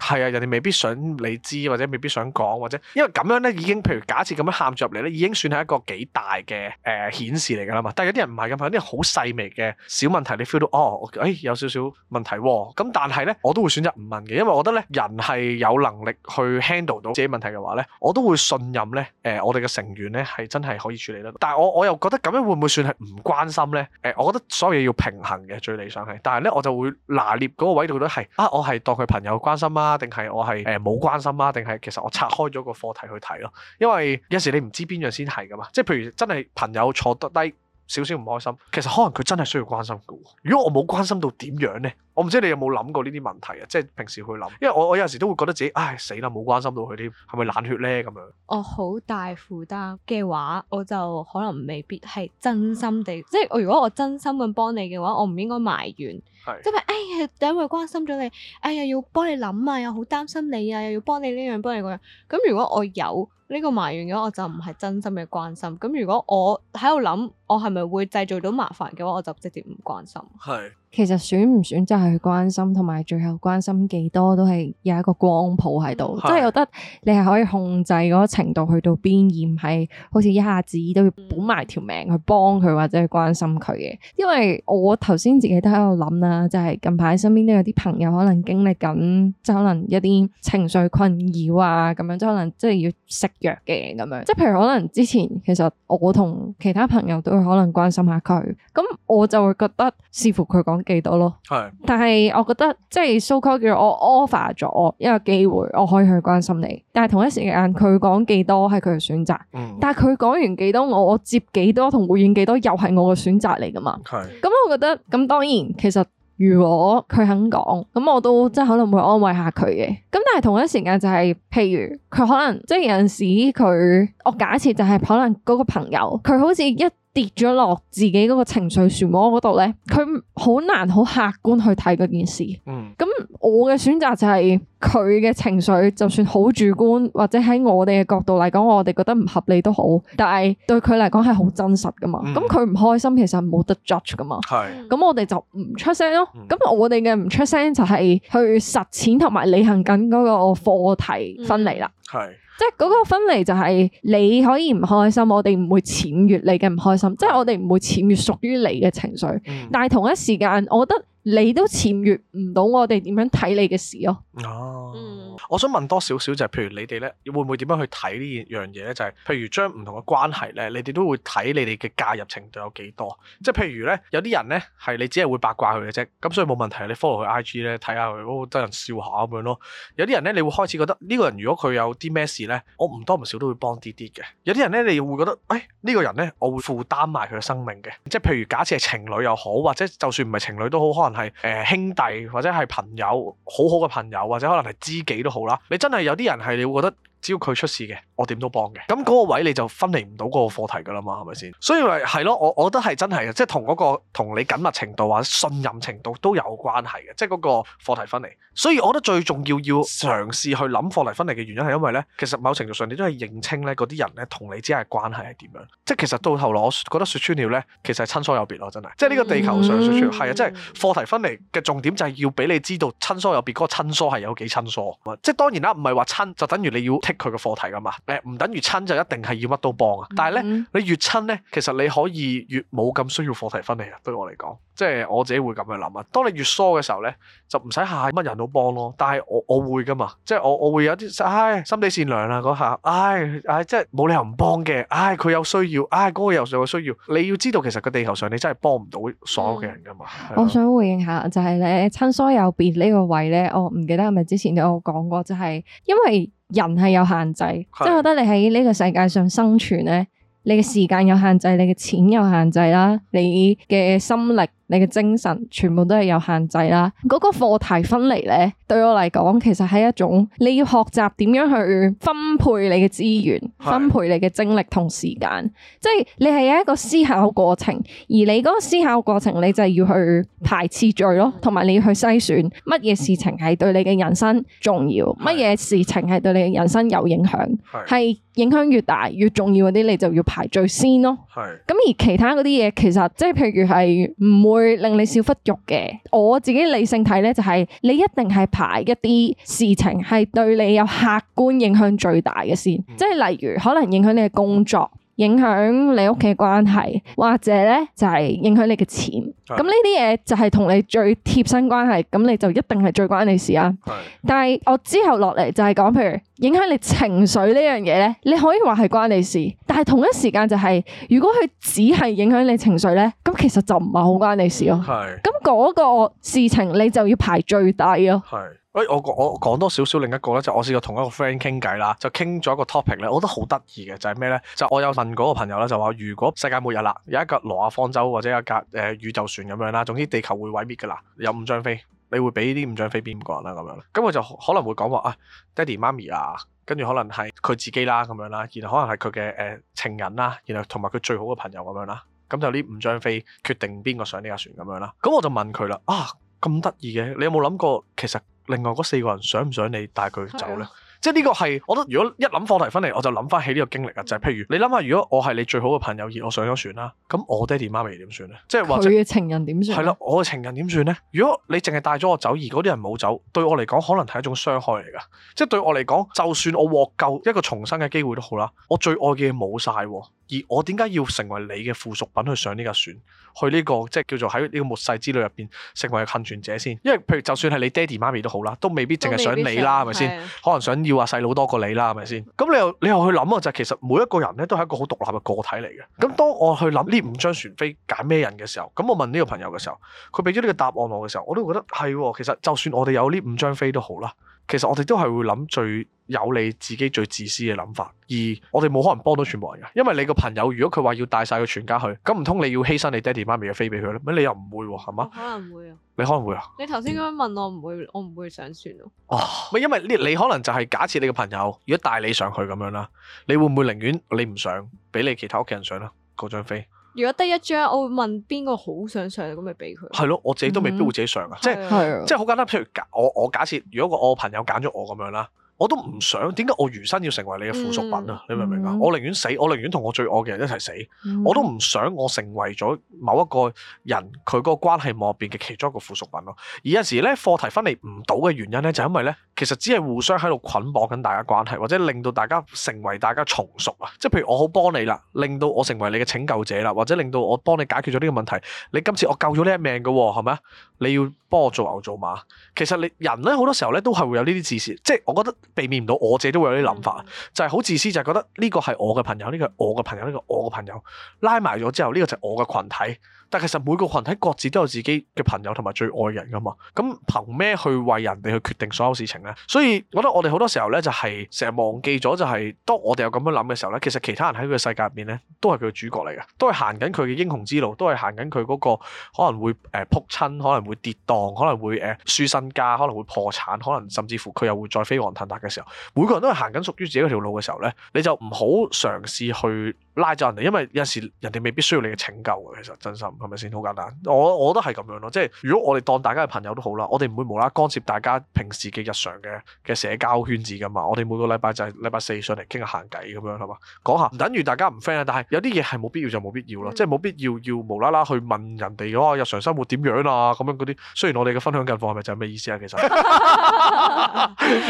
係啊，人哋未必想你知或者未必想講或者，因為咁樣咧已經譬如假設咁樣喊住入嚟咧，已經算係一一個幾大嘅誒顯示嚟噶啦嘛，但係有啲人唔係咁，有啲人好細微嘅小問題你，你 feel 到哦，誒、哎、有少少問題，咁、哦、但係咧，我都會選擇唔問嘅，因為我覺得咧，人係有能力去 handle 到自己問題嘅話咧，我都會信任咧，誒、呃、我哋嘅成員咧係真係可以處理得到。但係我我又覺得咁樣會唔會算係唔關心咧？誒、呃，我覺得所有嘢要平衡嘅，最理想係。但係咧，我就會拿捏嗰個位度都係啊，我係當佢朋友關心啊，定係我係誒冇關心啊，定係其實我拆開咗個課題去睇咯。因為有時你唔知邊樣先係。即係譬如真係朋友坐得低少少唔開心，其實可能佢真係需要關心嘅喎。如果我冇關心到點樣咧？我唔知你有冇諗過呢啲問題啊，即係平時去諗。因為我我有時都會覺得自己唉死啦，冇關心到佢添，係咪冷血呢？咁樣。我好大負擔嘅話，我就可能未必係真心地，即係如果我真心咁幫你嘅話，我唔應該埋怨，即係是、就是、哎呀，因為關心咗你，哎呀要幫你諗啊，又好擔心你啊，又要幫你呢樣幫你嗰樣。咁如果我有呢、呢個埋怨嘅話，我就唔係真心嘅關心。咁如果我喺度諗，我係咪會製造到麻煩嘅話，我就直接唔關心。係。其實選唔選真係去關心，同埋最後關心幾多都係有一個光譜喺度，即係我覺得你係可以控制嗰個程度去到邊，而唔係好似一下子都要補埋條命去幫佢或者去關心佢嘅。因為我頭先自己都喺度諗啦，就係、是、近排身邊都有啲朋友可能經歷緊，即係可能一啲情緒困擾啊，咁樣即係可能即係要食藥嘅咁樣。即、就、係、是、譬如可能之前其實我同其他朋友都會可能關心下佢，咁我就會覺得視乎佢講。幾多咯，係， 但係我覺得即係 so call 叫我 offer 咗一個機會，我可以去關心你。但係同一時間佢講幾多係佢嘅選擇，嗯、但係佢講完幾多我我接幾多同回應幾多又係我嘅選擇嚟噶嘛？係，咁、 嗯、我覺得咁當然，其實如果佢肯講，咁我都即係可能會安慰下佢嘅。咁但係同一時間就係、是，譬如佢可能即係有陣時佢，我假設就係可能嗰個朋友，佢好似一。跌咗落自己嗰個情緒漩渦嗰度咧，佢好難好客觀去睇嗰件事。咁我嘅選擇就係。佢嘅情緒，就算好主觀，或者喺我哋嘅角度嚟講，我哋覺得唔合理都好，但係對佢嚟講係好真實㗎嘛。咁佢唔開心，其實冇得 judge 㗎嘛。係。咁我哋就唔出聲咯。咁、嗯、我哋嘅唔出聲就係去實踐同埋履行緊嗰個課題分離啦。係。嗯、即係嗰個分離就係你可以唔開心，我哋唔會僭越你嘅唔開心。即係、嗯、我哋唔會僭越屬於你嘅情緒。嗯、但係同一時間，我覺得。你都潛越唔到我哋點樣睇你嘅事咯、啊。哦、啊，嗯、我想問多少少就係、是、譬如你哋咧，會唔會點樣去睇呢樣嘢咧？就係、是、譬如將唔同嘅關係咧，你哋都會睇你哋嘅介入程度有幾多？即係譬如咧，有啲人咧係你只係會八卦佢嘅啫，咁所以冇問題。你 follow 佢 IG 咧，睇下佢都得人笑下咁樣咯。有啲人咧，你會開始覺得呢、這個人如果佢有啲咩事咧，我唔多唔少都會幫啲啲嘅。有啲人咧，你會覺得，哎，呢、這個人咧，我會負擔埋佢嘅生命嘅。即係譬如假設係情侶又好，或者就算唔係情侶都好，可能。係誒兄弟，或者係朋友，好好嘅朋友或者可能係知己都好啦。你真係有啲人係你會覺得。只要佢出事嘅，我點都幫嘅。咁嗰個位你就分離唔到嗰個課題㗎喇嘛，係咪先？所以咪係咯，我我覺得係真係嘅，即係同嗰個同你緊密程度或者信任程度都有關係嘅，即係嗰個課題分離。所以，我覺得最重要要嘗試去諗課題分離嘅原因，係因為呢，其實某程度上你都係認清呢嗰啲人呢同你之間嘅關係係點樣。即係其實到頭來，我覺得説穿了呢，其實係親疏有別咯，真係。即係呢個地球上説穿，係啊、嗯，即係課題分離嘅重點就係要俾你知道親疏有別嗰、嗰個親疏係有幾親疏。即係當然啦，唔係話親就等於你要佢個課題噶嘛？誒唔等於親就一定係要乜都幫啊！嗯、但係咧，你越親咧，其實你可以越冇咁需要課題分離啊。對我嚟講，即係我自己會咁樣諗啊。當你越疏嘅時候咧，就唔使下乜人都幫咯。但係我我會噶嘛，即係我我會有啲唉，心地善良啊。嗰下，唉唉，即係冇理由唔幫嘅。唉，佢有需要，唉嗰個有需要。你要知道，其實個地球上你真係幫唔到所有嘅人噶嘛。嗯、吧我想回應下就係咧，親疏有別呢個位咧，我唔記得係咪之前有講過，就係因為。人係有限制，即係是的 覺得你喺呢個世界上生存咧，你嘅時間有限制，你嘅錢有限制啦，你嘅心力。你嘅精神全部都係有限制啦。嗰個課題分離咧，對我嚟講，其實係一種你要學習點樣去分配你嘅資源，是分配你嘅精力同時間。即係你係有一個思考過程，而你嗰個思考過程，你就係要去排次序咯，同埋你要去篩選乜嘢事情係對你嘅人生重要，乜嘢是事情係對你嘅人生有影響，係是影響越大越重要嗰啲，你就要排最先咯。係是。咁而其他嗰啲嘢，其實即係譬如係唔會。會令你少忽肉嘅。我自己理性睇呢，就係你一定係排一啲事情係對你有客觀影響最大嘅先，即係例如可能影響你嘅工作。影響你屋企關係，或者咧就係、是、影響你嘅錢，咁呢啲嘢就係同你最貼身關係，咁你就一定係最關你事啊。是但係我之後落嚟，就係講，譬如影響你情緒呢樣嘢咧，你可以話係關你事，但係同一時間就係、是、如果佢只係影響你情緒咧，咁其實就唔係好關你事咯、啊。咁嗰是個事情你就要排最低咯、啊。所以我講多少少另一個咧，就是、我試過同一個 friend 傾偈啦，就傾咗一個 topic 咧，我覺得好得意嘅就係、是、咩呢？就我有問嗰個朋友咧，就話如果世界末日啦，有一架挪亞方舟或者一架誒、呃、宇宙船咁樣啦，總之地球會毀滅噶啦，有五張飛，你會俾呢五張飛邊五個人啦咁樣？咁我就可能會講話啊，爹哋媽咪啊，跟住可能係佢自己啦、啊、咁樣啦，然後可能係佢嘅誒情人啦、啊，然後同埋佢最好嘅朋友咁樣啦，咁就呢五張飛決定邊個上呢架船咁樣啦。咁我就問佢啦，啊咁得意嘅，你有冇諗過其實？另外嗰四個人想唔想你帶佢走呢？的即係呢個係，我覺得如果一諗課題分離，我就諗翻起呢個經歷啊。就係、是、譬如你諗下，如果我係你最好嘅朋友而我上咗船啦，咁我爹哋媽咪點算呢？即係話佢嘅情人點算呢？係啦，我嘅情人點算呢？如果你淨係帶咗我走，而嗰啲人冇走，對我嚟講可能係一種傷害嚟㗎。即係對我嚟講，就算我獲救一個重生嘅機會都好啦，我最愛嘅嘢冇曬。而我點解要成為你嘅附屬品去上呢架船去呢？呢個即係叫做喺呢個末世之旅入邊成為幸存者先？因為譬如就算係你爹哋媽咪都好啦，都未必淨係想你啦，係咪先？是，是可能想要啊細佬多過你啦，係咪先？咁你又你又去諗啊。就係，其實每一個人咧都係一個好獨立嘅個體嚟嘅。咁當我去諗呢五張船飛揀咩人嘅時候，咁我問呢個朋友嘅時候，佢俾咗呢個答案我嘅時候，我都覺得係喎。其實就算我哋有呢五張飛都好啦。其實我哋都係會諗最有利自己最自私嘅諗法，而我哋冇可能幫到全部人嘅。因為你個朋友如果佢話要帶晒佢全家去，咁唔通你要犧牲你爹哋媽咪嘅飛俾佢咧？咩？你又唔會喎，係嘛？可能會啊，可會啊，你可能會啊？你頭先咁樣問我唔會，我唔會上船咯。哦，咪因為你你可能就係假設你個朋友如果帶你上去咁樣啦，你會唔會寧願你唔上，俾你其他屋企人上啦嗰張飛？如果得一張，我會問邊個好想上咁咪俾佢。係咯，我自己都未必會自己上嘅，即係即係好簡單。譬如假我我假設，如果個我朋友揀咗我咁樣啦，我都唔想。點解我餘生要成為你嘅附屬品啊？嗯、你明唔明啊？嗯、我寧願死，我寧願同我最愛嘅人一齊死，嗯、我都唔想我成為咗某一個人佢嗰個關係網入邊嘅其中一個附屬品咯。而有時咧課題分離唔到嘅原因咧，就係因為咧。其實只係互相喺度捆綁緊大家關係，或者令到大家成為大家從屬啊！即係譬如我好幫你啦，令到我成為你嘅拯救者啦，或者令到我幫你解決咗呢個問題，你今次我救咗呢一命嘅喎，係咪？你要幫我做牛做馬。其實你人咧好多時候咧都係會有呢啲自私，即係我覺得避免唔到，我自己都會有啲諗法，嗯，就係好自私，就係覺得呢個係我嘅朋友，呢個係我嘅朋友，呢個係我嘅朋友，呢個我嘅朋友拉埋咗之後，呢個就係我嘅群體。但其實每個群體各自都有自己嘅朋友同埋最愛人㗎嘛，咁憑咩去為人哋去決定所有事情呢？所以，我覺得我哋好多時候咧，就係成日忘記咗，就係當我哋有咁樣諗嘅時候咧，其實其他人喺佢嘅世界入面咧，都係佢嘅主角嚟嘅，都係行緊佢嘅英雄之路，都係行緊佢嗰個可能會誒撲、呃、親，可能會跌宕，可能會誒、呃、輸身家，可能會破產，可能甚至乎佢又會再飛黃騰達嘅時候，每個人都係行緊屬於自己嗰條路嘅時候咧，你就唔好嘗試去拉走人哋，因為有時人哋未必需要你嘅拯救啊。其實真心係咪先好簡單？我我覺得係咁樣咯，即係如果我哋當大家係朋友都好啦，我哋唔會無啦啦干涉大家平時嘅日常嘅嘅社交圈子噶嘛。我哋每個禮拜就係禮拜四上嚟傾下閒偈咁樣係嘛，講下唔等於大家唔 friend 啊。但係有啲嘢係冇必要就冇必要咯，嗯、即係冇必要要無啦啦去問人哋嘅日常生活點樣啊咁樣嗰啲。雖然我哋嘅分享近況係咪就係咩意思啊？其實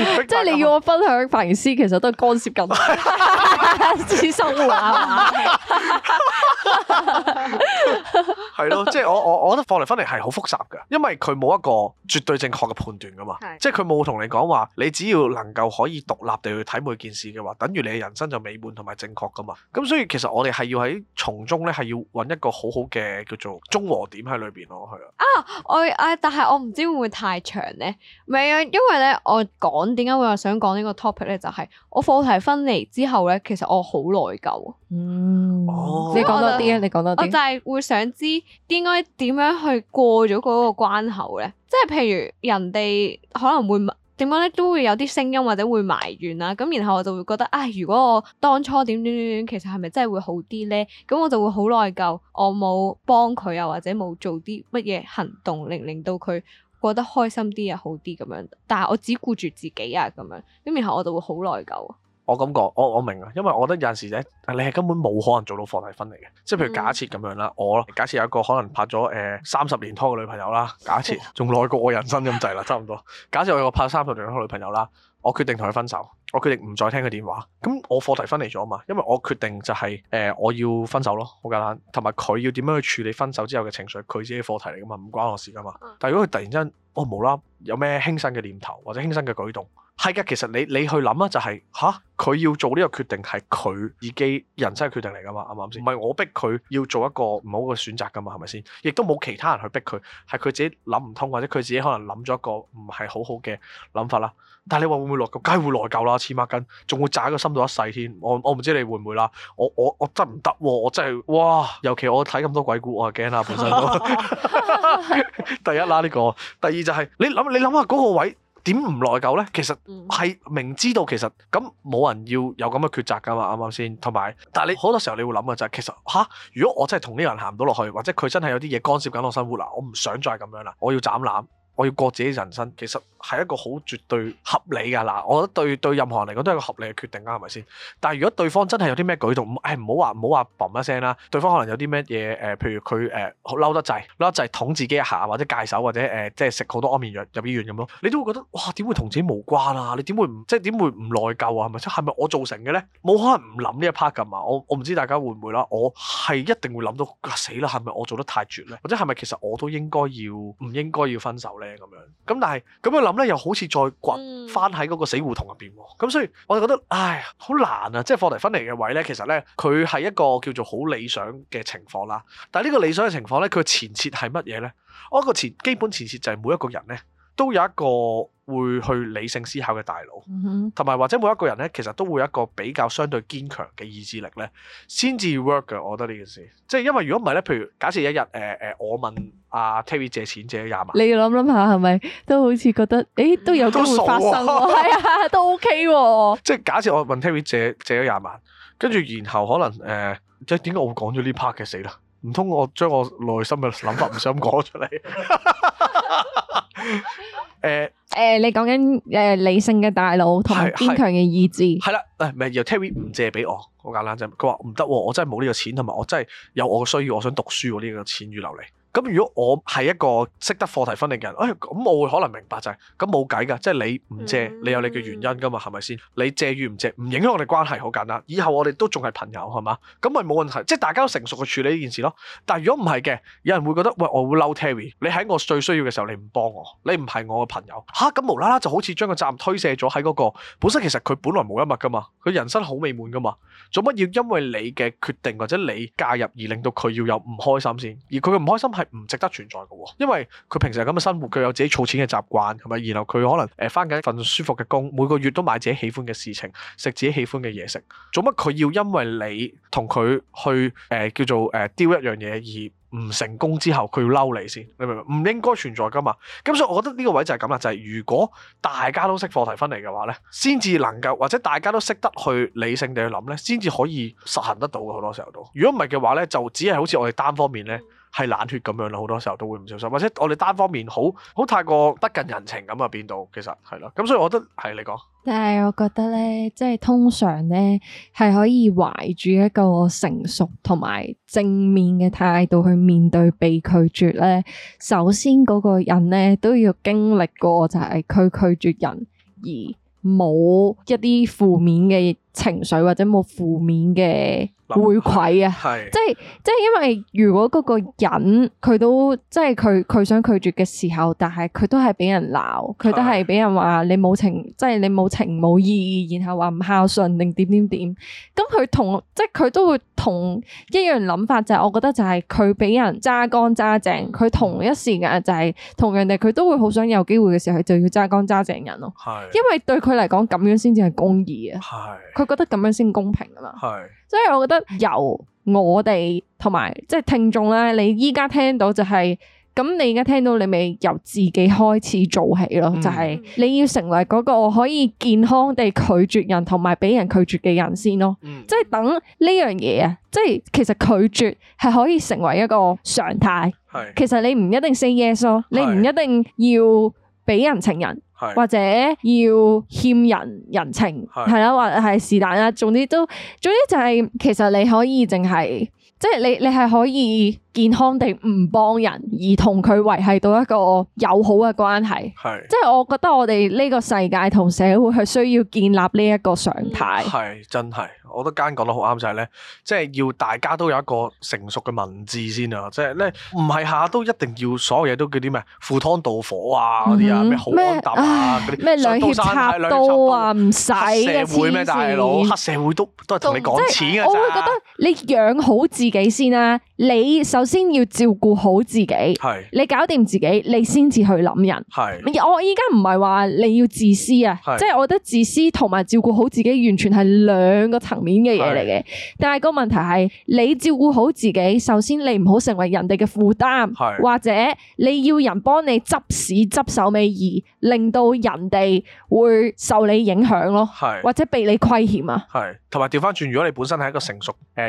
即係你要我分享髮型師，其實都係干涉緊生活 係咯 對，即係我我我覺得課題分離係好複雜噶，因為佢冇一個絕對正確嘅判斷噶嘛，的即係佢冇同你講話，你只要能夠可以獨立地去睇每件事嘅話，等於你嘅人生就美滿同埋正確噶嘛。咁、嗯、所以其實我哋係要喺從中咧係要揾一個好好嘅叫做中和點喺裏邊咯，係啊。啊，我啊，但係我唔知會唔會太長咧？唔係啊，因為咧我講點解我想講呢個 topic 咧，就係、是、我課題分離之後咧，其實我好內疚、啊。嗯，你講多啲啊！你講多啲，我就係會想知應該點樣去過咗嗰個關口咧？即係譬如人哋可能會點樣咧，都會有啲聲音或者會埋怨啦、啊。咁然後我就會覺得啊、哎，如果我當初點點點點，其實係咪真係會好啲咧？咁我就會好內疚，我冇幫佢啊，或者冇做啲乜嘢行動，令令到佢過得開心啲啊，好啲咁樣。但係我只顧住自己啊，咁樣咁然後我就會好內疚、啊。我感覺，我我明啊，因為我覺得有陣時咧，你係根本冇可能做到課題分離嘅，即係譬如假設咁樣啦，嗯、我假設有一個可能拍咗誒三十年拖嘅女朋友啦，假設仲耐過我人生咁滯啦，差唔多。假設我有個拍三十年拖女朋友啦，我決定同佢分手，我決定唔再聽佢電話，咁我課題分離咗嘛，因為我決定就係、是、誒、呃、我要分手咯，好簡單，同埋佢要點樣去處理分手之後嘅情緒，佢自己課題嚟噶嘛，唔關我事噶嘛。但係如果佢突然之間，哦冇啦，有咩輕生嘅念頭或者輕生嘅舉動？係噶，其實你你去諗啊、就係，就係嚇佢要做呢個決定係佢自己人生嘅決定嚟噶嘛，啱唔啱先？唔係我逼佢要做一個唔好嘅選擇噶嘛，係咪先？亦都冇其他人去逼佢，係佢自己諗唔通，或者佢自己可能諗咗一個唔係好好嘅諗法啦。但係你話會唔會落個梗係會內疚啦？黐孖筋，仲會炸個心到一世添。我我唔知你會唔會啦。我我我真唔得喎，我真係哇！尤其我睇咁多鬼故，我係驚啦本身都。 第一啦呢、呢個，第二就係、係、你諗你諗下嗰個位。點唔內疚呢？其實係明知道其實咁冇人要有咁嘅抉擇㗎嘛，啱唔啱先？同埋，但係你好多時候你會諗嘅就係，其實吓，如果我真係同呢個人行唔到落去，或者佢真係有啲嘢干涉緊我生活啦，我唔想再咁樣啦，我要斬纜。我要過自己人生，其實係一個好絕對合理噶，喇，我覺得對對任何人嚟講都係一個合理嘅決定啦，係咪先？但係如果對方真係有啲咩舉動，唔好話唔好話嘣一聲啦，對方可能有啲咩嘢，誒、呃、譬如佢誒嬲得滯，嬲得滯捅自己一下，或者戒手，或者誒、呃、即係食好多安眠藥入醫院咁囉，你都會覺得哇，點會同自己無關啊？你點會唔即係點會唔內疚啊？係咪即係咪我造成嘅呢？冇可能唔諗呢一 part 噶嘛。我我唔知大家會唔會啦。我係一定會諗到，啊、死啦！係咪我做得太絕呢？」或者係咪其實我都應該要唔應該要分手呢？咧咁樣咁，但係咁樣諗咧，又好似再掘翻喺嗰個死胡同入邊喎。咁所以我就覺得唉，好難啊！即係課題分離嘅位咧，其實咧佢係一個叫做好理想嘅情況啦。但係呢個理想嘅情況咧，佢前設係乜嘢咧？我一個前基本前設就係每一個人咧。都有一個會去理性思考嘅大腦，同埋、嗯、哼或者每一個人咧，其實都會有一個比較相對堅強嘅意志力咧，先至 work 嘅。我覺得呢件事，即、就、係、是、因為如果唔係咧，譬如假設一日誒誒，我問阿 Terry 借錢借咗廿萬，你諗諗下係咪都好似覺得誒、欸、都有機會發生？係啊、哎，都 OK 喎、啊。即係假設我問 Terry 借借咗廿萬，跟住然後可能誒，即係點解我會講咗呢 part 嘅死啦？唔通我將我內心嘅諗法唔想講出嚟？ 誒誒、欸欸，你講緊誒理性嘅大腦同埋堅強嘅意志，係啦，誒，唔係，由 Terry 唔借俾我，好簡單啫，佢話唔得，我真係冇呢個錢，同埋我真係有我嘅需要，我想讀書，呢、這個錢預留嚟。咁如果我係一個識得課題分離嘅人，哎，咁我會可能明白就係、是，咁冇計噶，即係你唔借，你有你嘅原因噶嘛，係咪先？你借與唔借，唔影響我哋關係，好簡單。以後我哋都仲係朋友，係嘛？咁咪冇問題，即係大家都成熟去處理呢件事咯。但係如果唔係嘅，有人會覺得，喂，我會嬲 Terry，你喺我最需要嘅時候你唔幫我，你唔係我嘅朋友。吓、啊，咁無啦啦就好似將個責任推卸咗喺嗰個，本身其實佢本來冇一物噶嘛，佢人生好美滿噶嘛，做乜要因為你嘅決定或者你介入而令到佢要有唔開心先？而佢嘅唔開心係唔值得存在嘅，因為佢平時咁嘅生活，佢有自己儲錢嘅習慣，係咪？然後佢可能誒翻緊一份舒服嘅工，每個月都買自己喜歡嘅事情，食自己喜歡嘅嘢食。做乜佢要因為你同佢去誒、呃、叫做誒、呃、丟一樣嘢而唔成功之後，佢要嬲你先？你明唔明？唔應該存在噶嘛。咁所以我覺得呢個位就係咁啦，就係、是、如果大家都識課題分離嘅話呢，先至能夠或者大家都識得去理性地去諗呢，先至可以實行得到嘅好多時候都。如果唔係嘅話呢，就只係好似我哋單方面呢。係冷血咁樣啦，好多時候都會唔小心，或者我哋單方面好好太過不近人情咁啊，變到其實係咯，咁所以我覺得係你講。但係我覺得咧，即係通常咧，係可以懷住一個成熟同埋正面嘅態度去面對被拒絕咧。首先嗰個人咧都要經歷過，就係佢拒絕人，而冇一啲負面嘅情緒或者冇負面嘅。會愧啊！即係即係，因為如果嗰個人佢都即係佢佢想拒絕嘅時候，但係佢都係俾人鬧，佢是都係俾人話你冇情，即係你冇情冇義，然後話唔孝順定點點點。咁佢同即係佢都會同一樣諗法，就係我覺得就係佢俾人揸乾揸淨，佢同一時間就係同人哋，佢都會好想有機會嘅時候就要揸乾揸淨人咯、啊。係是，因為對佢嚟講咁樣先至係公義啊。係是，佢覺得咁樣先公平啊嘛。係。所以我覺得由我哋同埋即係聽眾咧，你依家聽到就係、是、咁，你而家聽到你咪由自己開始做起咯，嗯、就係你要成為嗰個可以健康地拒絕人同埋俾人拒絕嘅人先咯。嗯、即係等呢樣嘢啊，即係其實拒絕係可以成為一個常態。係是的 其實你唔一定 say yes 咯，你唔一定要俾是的 人情人。或者要欠人人情，係啦，或者係是但啦，總之都，總之就係，其實你可以淨係，即係你你係可以。健康地唔幫人而同佢維繫到一個友好嘅關係，係即係我覺得我哋呢個世界同社會係需要建立呢一個常態。係真係，我覺得 Him 講得好啱晒。係咧，即係要大家都有一個成熟嘅文字先啊！即係咧，唔係下下都一定要所有嘢，都叫啲咩赴湯蹈火啊嗰啲啊，咩好安踏啊嗰啲咩兩脅插刀啊，唔使社會咩大佬黑社會都都係同你講錢嘅，我會覺得你養好自己先啦，你首。首先要照顧好自己，是你搞掂自己，你先至去諗人。是我依家唔係話你要自私啊，是即係我覺得自私同埋照顧好自己完全係兩個層面嘅嘢嚟嘅。是但係個問題係，你照顧好自己，首先你唔好成為人哋嘅負擔，是或者你要人幫你執屎執手尾，而令到人哋會受你影響咯，是或者被你虧欠啊。係同埋掉返轉，如果你本身係一個成熟誒、呃、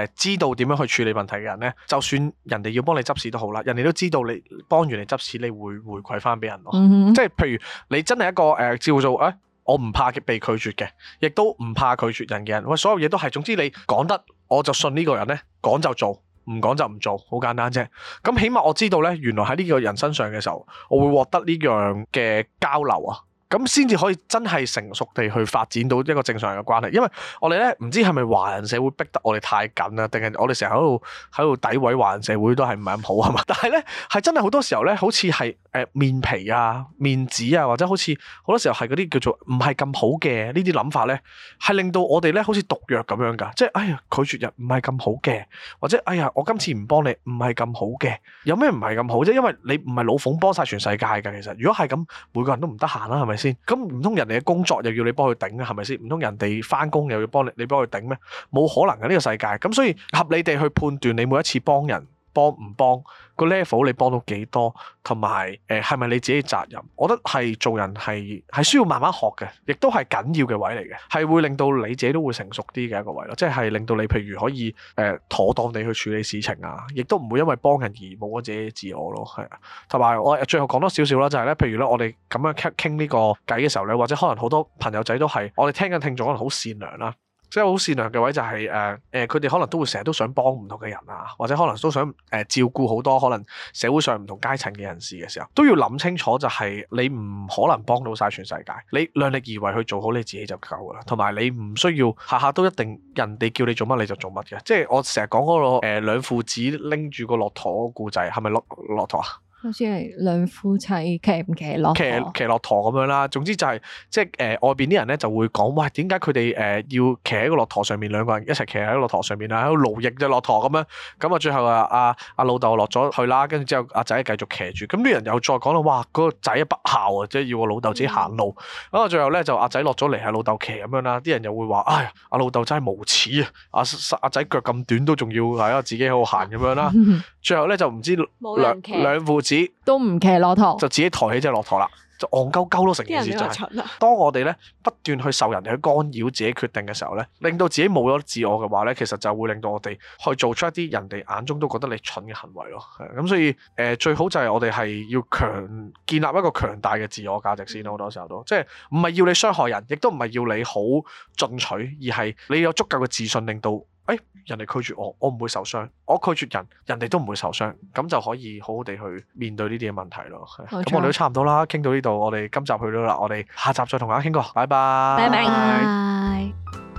而誒知道點樣去處理問題嘅人咧，就算人哋要幫你執屎都好啦，人哋都知道你幫完你執屎，你會回饋翻俾人咯。Mm hmm. 即係譬如你真係一個誒，照、呃、做誒，我唔怕被拒絕嘅，亦都唔怕拒絕人嘅人。喂，所有嘢都係，總之你講得，我就信呢個人咧，講就做，唔講就唔做，好簡單啫。咁起碼我知道咧，原來喺呢個人身上嘅時候，我會獲得呢樣嘅交流啊。咁先至可以真係成熟地去發展到一個正常人嘅關係，因為我哋咧，唔知係咪華人社會逼得我哋太緊呀，定係我哋成日喺度喺度詆毀華人社會都係唔係咁好係嘛？但係咧係真係好多時候咧，好似係誒面皮啊、面子啊，或者好似好多時候係嗰啲叫做唔係咁好嘅呢啲諗法咧，係令到我哋咧好似毒藥咁樣㗎，即係哎呀拒絕人唔係咁好嘅，或者哎呀我今次唔幫你唔係咁好嘅，有咩唔係咁好啫？因為你唔係老馮幫晒全世界㗎，其實如果係咁每個人都唔得閒啦，係咪？咁唔通人哋嘅工作又要你幫佢頂啊？係咪先？唔通人哋返工又要幫你你幫佢頂咩？冇可能嘅呢個世界。咁所以合理哋去判斷你每一次幫人。幫唔幫個 level，你幫到幾多，同埋誒係咪你自己責任？我覺得係做人係係需要慢慢學嘅，亦都係緊要嘅位嚟嘅，係會令到你自己都會成熟啲嘅一個位咯。即係令到你，譬如可以誒、呃、妥當地去處理事情啊，亦都唔會因為幫人而冇咗自己嘅自我咯。係啊，同埋我最後講多少少啦，就係、係、咧，譬如咧，我哋咁樣傾呢個偈嘅時候咧，或者可能好多朋友仔都係我哋聽緊聽眾可能好善良啦。即係好善良嘅位就係誒誒，佢、呃、哋、呃、可能都會成日都想幫唔同嘅人啊，或者可能都想誒、呃、照顧好多可能社會上唔同階層嘅人士嘅時候，都要諗清楚，就係你唔可能幫到晒全世界，你量力而為去做好你自己就夠噶啦。同埋你唔需要下下都一定人哋叫你做乜你就做乜嘅。即係我成日講嗰個誒、呃、兩父子拎住個駱駝個故仔，係咪駱駱駝啊？好似係兩夫妻騎唔騎駱駝？騎騎駱駝咁樣啦，總之就係即係誒外邊啲人咧就會講：，喂，點解佢哋誒要騎喺個駱駝上面？兩個人一齊騎喺個駱駝上面啊，喺度勞役隻駱駝咁樣。咁啊，最後啊，阿、啊、阿、啊、老豆落咗去啦，跟住之後阿仔繼續騎住。咁啲人又再講啦：，哇，嗰個仔不孝、嗯哎、啊、即、啊、係、啊啊啊啊啊、要個老豆自己行路。咁啊，最後咧就阿仔落咗嚟，係老豆騎咁樣啦。啲人又會話：，唉，阿老豆真係無恥啊！阿阿仔腳咁短都仲要係啊自己喺度行咁樣啦。最後咧就唔知兩兩父子。都唔騎駱駝，就自己抬起隻駱駝啦，就戇鳩鳩咯。成件事就係、是，蠢啊。當我哋咧不斷去受人哋干擾自己決定嘅時候咧，令到自己冇咗自我嘅話咧，其實就會令到我哋去做出一啲人哋眼中都覺得你蠢嘅行為咯。咁所以誒、呃，最好就係我哋係要強建立一個強大嘅自我價值先咯。好、嗯、多時候都即係唔係要你傷害人，亦都唔係要你好進取，而係你有足夠嘅自信令到。哎、人哋拒絕我，我唔會受傷；我拒絕人，人哋都唔會受傷。咁就可以好好地去面對呢啲嘅問題咯。咁沒錯 我哋都差唔多啦，傾到呢度，我哋今集去到啦，我哋下集再同大家傾過，拜拜。拜拜。